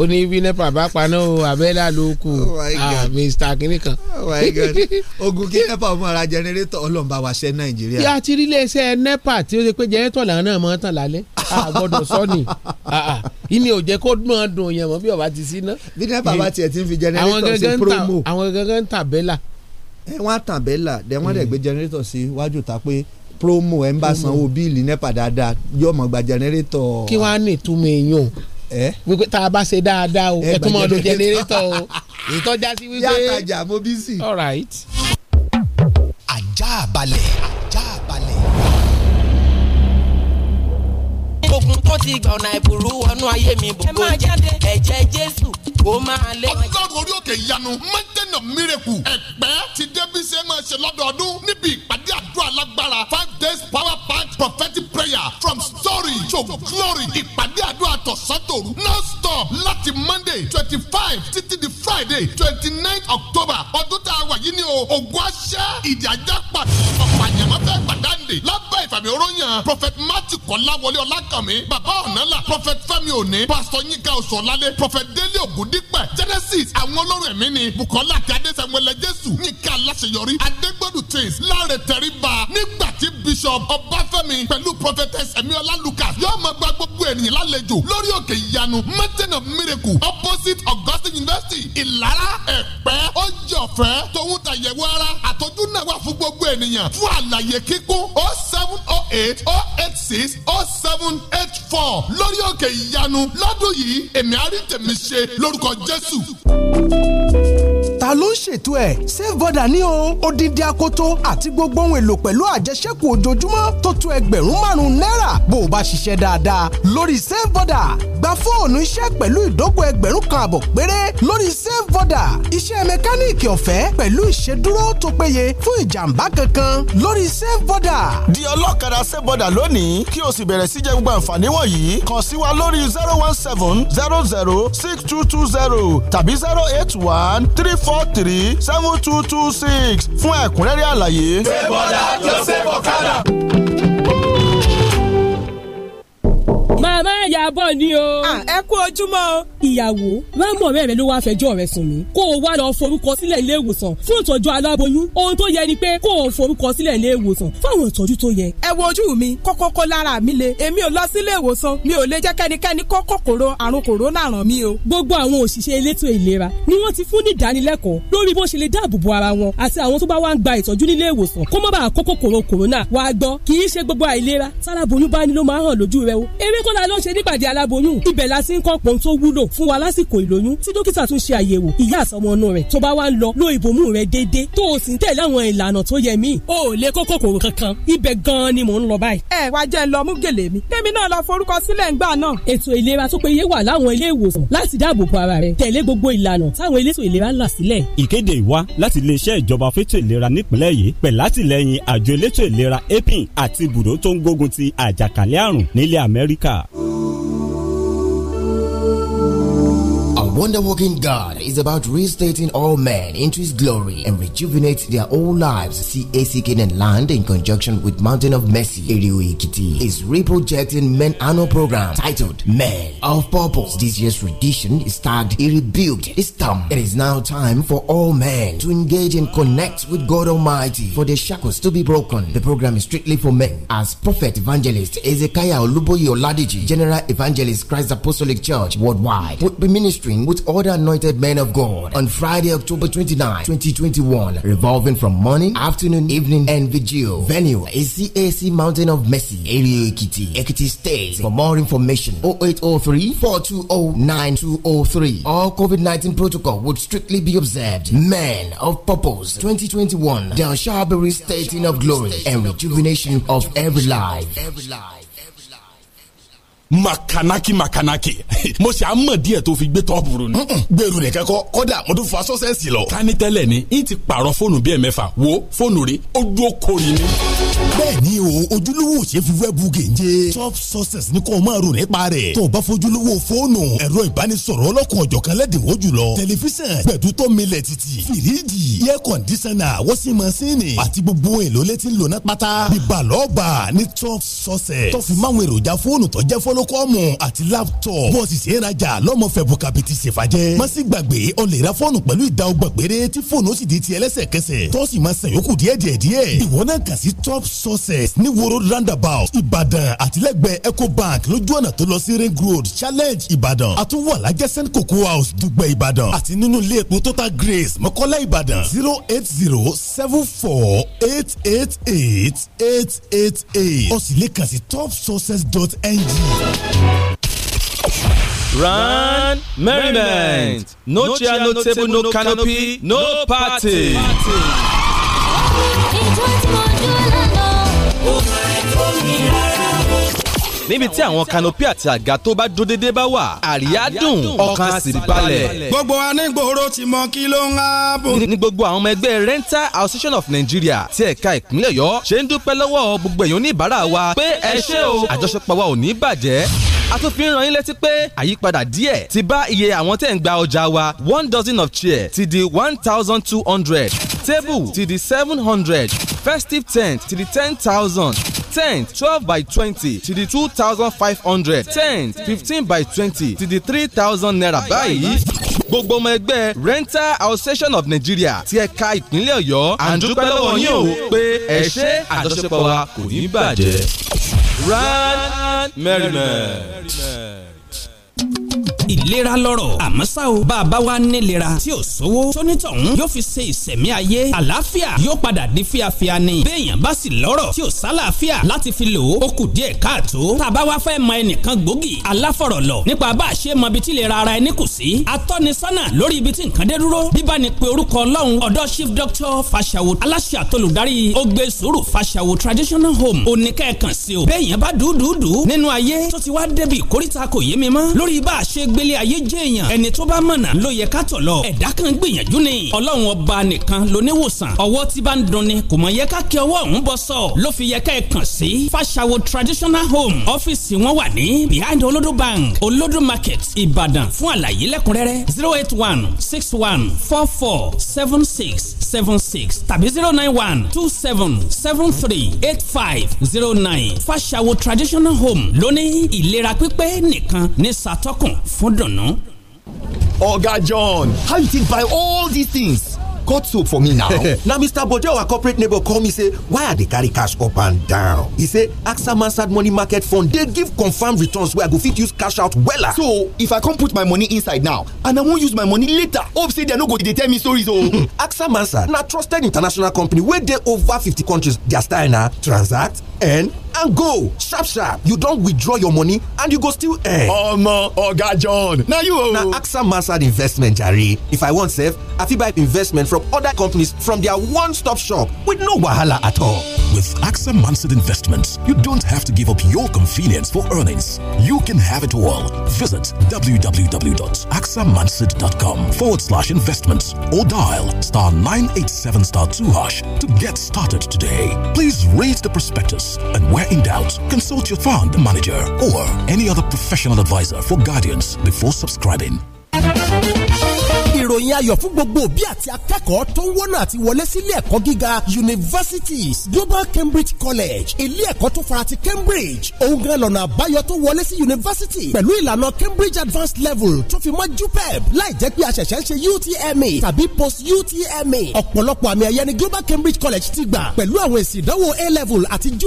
ó ní bí nepa bá paná o abẹ́là ló kù oh ah, mr kìnìkan. Oh ogun kí nepa ọmọ ara generator ọlọ́mọba wa ṣẹ́ nàìjíríà. yà á ti rí iléeṣẹ́ nepa tí ó ṣe pé generator làwọn náà mọ̀ ọ́n tàn lálẹ́ àgbọ̀dọ̀ sọ́ni ah, ìní ò jẹ́ kó dùn ọ́n dùn yẹn mọ́ bí ọba ti sí ná. bí nepa bá tiẹ̀ ti ń fi generator ṣe promo àwọn gangan ń ẹ wọ́n á tàn bẹ́là dẹ mm. gbé jẹnẹrétọ̀ sí iwájú ta pé promo ẹ̀ ń bá sanwó bíìlì nẹ́pà dáadáa yóò mọ̀ gba jẹnẹrétọ̀. kí wàá ní ìtumọ̀ èèyàn wípé tá a bá ṣe dáadáa o ẹ tún mọ̀ ọdún jẹnẹrétọ̀ o ìtọ́já sí wípé yàtàjà mo bí sí. all right. ajá balẹ̀ ogun tó ti gbà ọ̀nà wọnú ayé mi bò kó jẹ́ ẹ̀jẹ̀ Jésù kó máa lé. ọlọ́run orí òkè ìyanu mountain of miracle ẹ̀pẹ́ ti débi ṣe máa ṣe lọ́dọọdún níbi ìpàdé àdúrà lágbára five days power packed prophetic prayer from story to glory ìpàdé àdúrà tọ̀sán-tòru non stop láti monday twenty five títí di friday twenty nine october ọdún tá a wà yìí ni o ògùn àṣẹ ìdíjà pàṣẹ ọ̀pọ̀ àyàmọ́fẹ́ pàṣẹ sunday lábẹ́ ìfàmì oróyàn prophet matthew kọ́láwọlé ọlákànmí bàbá ọ̀nàlà prophet fẹ́mi òní pastor yinka ọ̀sọ̀lálé prophet délé ògúndípẹ̀ genesis àwọn olórin ẹ̀mí ni bukola àti adéṣẹ́wẹlẹ jésù yinka aláṣeyọrí adégbòdù tins láre tẹríba nígbà archbishop ọbáfẹ́mi pẹ̀lú prophetess emiola lucas yóò máa gba gbogbo ènìyàn lálejò lórí òkè ìyanu mountain of miracle opposite augustin university ìlara ẹ̀pẹ́ ó jẹ́ ọ̀fẹ́ tòun tàyẹ̀wò ara àtọ́jú náà wà fún gbogbo ènìyàn fún àlàyé kíkún ó seven oh eight oh eight six oh seven eight four lórí òkè ìyanu lọ́dún yìí èmi àrí tèmi ṣe lórúkọ jésù ta ló ń ṣètò ẹ̀ Safe Border ní o odidi akoto àti gbogbo ohun èlò pẹ̀lú àjẹsẹ́kù ojoojúmọ́ tó tó ẹgbẹ̀rún márùn-ún náírà bó o bá ṣiṣẹ́ dáadáa lórí Safe Border gba fóònù iṣẹ́ pẹ̀lú ìdógò ẹgbẹ̀rún kan àbọ̀ péré lórí Safe Border iṣẹ́ mẹkáníìkì ọ̀fẹ́ pẹ̀lú ìṣèdúró tó péye fún ìjàmbá kankan lórí Safe Border. di ọlọ́kadà save Border lónìí kí o sì bẹ̀rẹ̀ sí jẹ gbogbo àǹfààní wọ̀nyí kàn sí wa lórí zero one seven zero zero six two two zero tàbí zero eight one three four four three seven two two six fún ẹ̀kúnrẹ́rẹ́ àlàyé. ṣé bọ́dà jọ ṣe bọ̀kadà sọ̀rọ̀. màmá ìyá bọ̀ ni o. ẹ kú ojúmọ́. ìyàwó rámọ̀ rẹ̀ ló wáá fẹjọ́ rẹ̀ sùn mí. kó o wá lọ forúkọ sílẹ̀ ilé ìwòsàn fún ìtọ́jú aláboyún. ohun tó yẹ ni pé kó o forúkọ sílẹ̀ ilé ìwòsàn fáwọn ìtọ́jú tó yẹ. ẹ wo ojú mi kọ́kọ́kọ́ lára mi le èmi ò lọ sílé ìwòsàn mi ò lè jẹ́ kẹ́nikẹ́ni kó kòkòrò àrùn kòrónà ràn mí o. gbogbo àwọn òṣìṣẹ́ elétò ìlera ni wọ́n ti fún ní ìdánilẹ́kọ̀ọ́ lórí bó ṣe lè dáàbòbo ara wọn àti àwọn tó bá wá ń gba ìtọ́jú nílé ìwòsàn kó má bàa kó kòkòrò kòrónà wàá gbọ́ kì í ṣe gbogbo àìlera táláboyún bá ní ló máa hàn lójú rẹ o eré k Akintola ló ń ṣe nípàdé aláboyún ibẹ̀ la sì ń kọ́ pọ́n tó wúlò fún wa lásìkò ìlóyún tí dókítà tún ṣe àyẹ̀wò ìyá àsọmọ ọ̀nà rẹ̀ tó bá wá ń lọ lo ìbomú rẹ̀ déédéé tó o sì ń tẹ̀lé àwọn ìlànà tó yẹ mí. o ò lè kó kòkòrò kankan ibẹ̀ gan-an ni mò ń lọ báyìí. ẹ wá jẹ́ ń lọ mú gèlè mi. kémi náà lọ forúkọ sílẹ̀ ńgbà náà. ètò ìlera tó péye wà láwọn ilé ìwòsàn láti dáàbò bo ara rẹ tẹ̀lé gbogbo ìlànà táwọn elétò ìlera là sílẹ̀. ìkéde wa láti iléeṣẹ́ ìjọba fétò ìlera nípìnlẹ̀ yìí pẹ̀ látìlẹ́yìn àjọ elétò ìlera apin àti ibùdó tó ń gbógun ti àjàkálẹ̀ àrùn nílẹ̀ Amẹ́ríkà. 시작. Wonder working God is about restating all men into His glory and rejuvenate their old lives. CAC Canaan Land, in conjunction with Mountain of Mercy, Iriwikiti, is reprojecting Men Annual Program titled Men of Purpose. This year's tradition is tagged Irrebuked. This time, it is now time for all men to engage and connect with God Almighty for their shackles to be broken. The program is strictly for men as Prophet Evangelist Ezekiah Oluboyi Oladiji, General Evangelist Christ Apostolic Church Worldwide, would be ministering with other anointed men of God on Friday, October 29, 2021, revolving from morning, afternoon, evening, and vigil. Venue ACAC Mountain of Mercy, Area Ekiti, Ekiti State. For more information, 0803 420 All COVID 19 protocol would strictly be observed. Men of Purpose 2021, the shall stating of glory and rejuvenation of every life. Every life. makanaki makanaki mo ṣe àmọ̀ díẹ̀ tó fi gbé tọ́pù rò ni. gbèrú nìkan kọ kọ́dà mo tún fa sọ́sẹ̀sì lọ. ká ní tẹ́lẹ̀ ni n ti pààrọ̀ fóònù bíi ẹ̀mẹ́fà wo fóònù rí ojú okò ni. bẹ́ẹ̀ni o ojúlówó ṣe fi wẹ́ẹ̀bù gèje top success ni kò máa rò nípa rẹ̀ tó o bá fojúlówó fóònù ẹ̀rọ ìbánisọ̀rọ̀ ọlọ́kùn ọ̀jọ̀kan lẹ́dínwó jùlọ tẹlifíṣàn gbẹ̀dútọ́ milẹ̀ títì fìríjì iye kọ̀ndísánà wọ́sí masínì àti gbogbo èlò létí lónà pátá bíbalọ́ọ̀bà ní top success tó fi máwọn èròjà fóònù tó kọ́lọ́kọ́mù àti laptop bọ́ọ̀sì sì ń rajà lọ́mọ fẹ̀bù kàbìtì ṣèfàjẹ́ má sì gbàgbé ọ lè ra fọ́ọ̀nù pẹ̀lú ìdá ọgbà péré tí fóònù ó sì di ti ẹlẹ́sẹ̀kẹsẹ̀ tó sì máa ṣàn yòókù díẹ̀ díẹ̀ díẹ̀ ìwọ náà kà sí top sources ní woro roundabout ìbàdàn àtìlẹ́gbẹ̀ẹ́ bank. lójú ọ̀nà tó lọ sí ring road challenge ìbàdàn àtúwọ̀ alájẹ́ send cocoa house dùgbẹ̀ ìbàdàn àti nínú ilé epo total grace mọ́kọ́lá ìbàdàn zero eight zero seven four eight eight eight eight eight eight ó sì lè kàn sí topsources.ng. Run merriment. No chair, no table, no canopy, no party. party níbi tí àwọn kanopi àti àga tó bá dúró déédéé bá wà àríyá dùn ọkàn sì balẹ̀. gbogbo wa ní gbòòrò ti mọ kí ló ń hábùn. ní gbogbo àwọn ọmọ ẹgbẹ́ Rental Association of Nigeria ti ẹ̀ka ìpínlẹ̀ Ọ̀yọ́ ṣe ń dúpẹ́ lọ́wọ́ gbogbo èèyàn oníbàárà wa pé ẹ ṣé o àjọṣepọ̀ wa ò ní bàjẹ́ a tún fi ń ràn yín létí pé àyípadà díẹ̀ ti bá iye àwọn tẹ̀ ń gba ọjà wa one dozen of chair ti di one thousand two hundred table ti di seven hundred festive tent ti di ten thousand tenth twelve by twenty to the two thousand five hundred tenth fifteen by twenty to the three thousand naira báyìí gbogbo ọmọ ẹgbẹ́ rental association of nigeria ti ẹ̀ka ìpínlẹ̀ ọ̀yọ́ àǹdúpẹ́ lọ́wọ́ yín o pé ẹ ṣe àjọṣepọ̀ wa kò ní bàjẹ́. rand merriman ìlera lọ́rọ̀ àmọ́ ṣá o bàbá wa nílera tí ò sówó tónítọ̀hún yóò fi ṣe ìṣẹ̀mí ayé àlàáfíà yóò padà di fíafíà ni béèyàn bá sì lọ́rọ̀ tí ò sálàáfíà láti fi lò ó kù díẹ̀ káàtó tàbá wa fẹ́ mọ ẹnìkan gbòógì aláfọ̀rọ̀lọ̀ nípa bá a ṣe mọ ibi tí ìlera ara ẹni kù sí atọ́nisọ́nà lórí ibi tí nǹkan dé dúró bíbá ni pé orúkọ ọlọ́run ọ̀dọ́ chief doctor fashawo aláṣẹ àtolùdarí ogbe sùúrù fashawo traditional home oníkẹ́ẹ̀kan sí o béèyàn bá dùdùdù nínú ayé tó ti wá débi ìkórìtà kò yé mi mọ́ lórí bá a ṣe g gbélé ayé jẹ́ èèyàn ẹni tó bá mọ̀nà ló yẹ ká tọ̀ lọ ẹ̀dá kan gbìyànjú ni ọlọ́run ọba nìkan lóníwòsàn ọwọ́ tí bá ń dunni kò mọ̀ yẹ ká kí ọwọ́ òun bọ́ sọ ló fi yẹ ká ẹ kàn sí fàṣàwọ̀ traditional home ọ́fíìsì wọn wà ní behind olodo bank olodo market ìbàdàn fún àlàyé lẹ́kùnrẹ́rẹ́ zero eight one six one four four seven six seven six tàbí zero nine one two seven seven three eight five zero nine fàṣàwọ̀ traditional home lóní ìlera pípé nìkan ní sàtọ́kùn fún àmúdùnnú. oga john how you take buy all these things. cut soap for me now. na mr bojo our corporate neighbor call me say why i dey carry cash up and down. He say axa mansard money market fund dey give confirmed returns wey i go fit use cash out wella. so if i come put my money inside now and i wan use my money later hope say dem no go dey tell me stories o. axa mansard na trusted international company wey dey over fifty countries their style na transact and and go sharp sharp you don withdraw your money and you go still earn. omo oga john na you o. na axa mansard investment jare if i wan save i fit buy investment from other companies from their one-stop shop with no wahala at all. with axa mansard investments you don't have to give up your convenience for earnings you can have it all visit www.axamansard.com forward slash investments or dial star 987 star 2 hash to get started today please read the prospectus and where in doubt, consult your fund manager or any other professional advisor for guidance before subscribing. ìròyìn ayọ̀ fún gbogbo òbí àti akẹ́kọ̀ọ́ tó ń wọ́nà àti wọlé sílé ẹ̀kọ́ gíga universities global cambridge college ilé ẹ̀kọ́ tó fara ti cambridge òun gan lọ́nà àbáyọ tó wọlé sí university pẹ̀lú ìlànà cambridge advanced level tó fi mọ́ jupeb láì jẹ́ pé àṣẹ̀ṣẹ̀ ń ṣe utme tàbí post utme ọ̀pọ̀lọpọ̀ àmì ẹ̀yẹ ni global cambridge college ti gbà pẹ̀lú àwọn èsì ìdánwò a level àti jupeb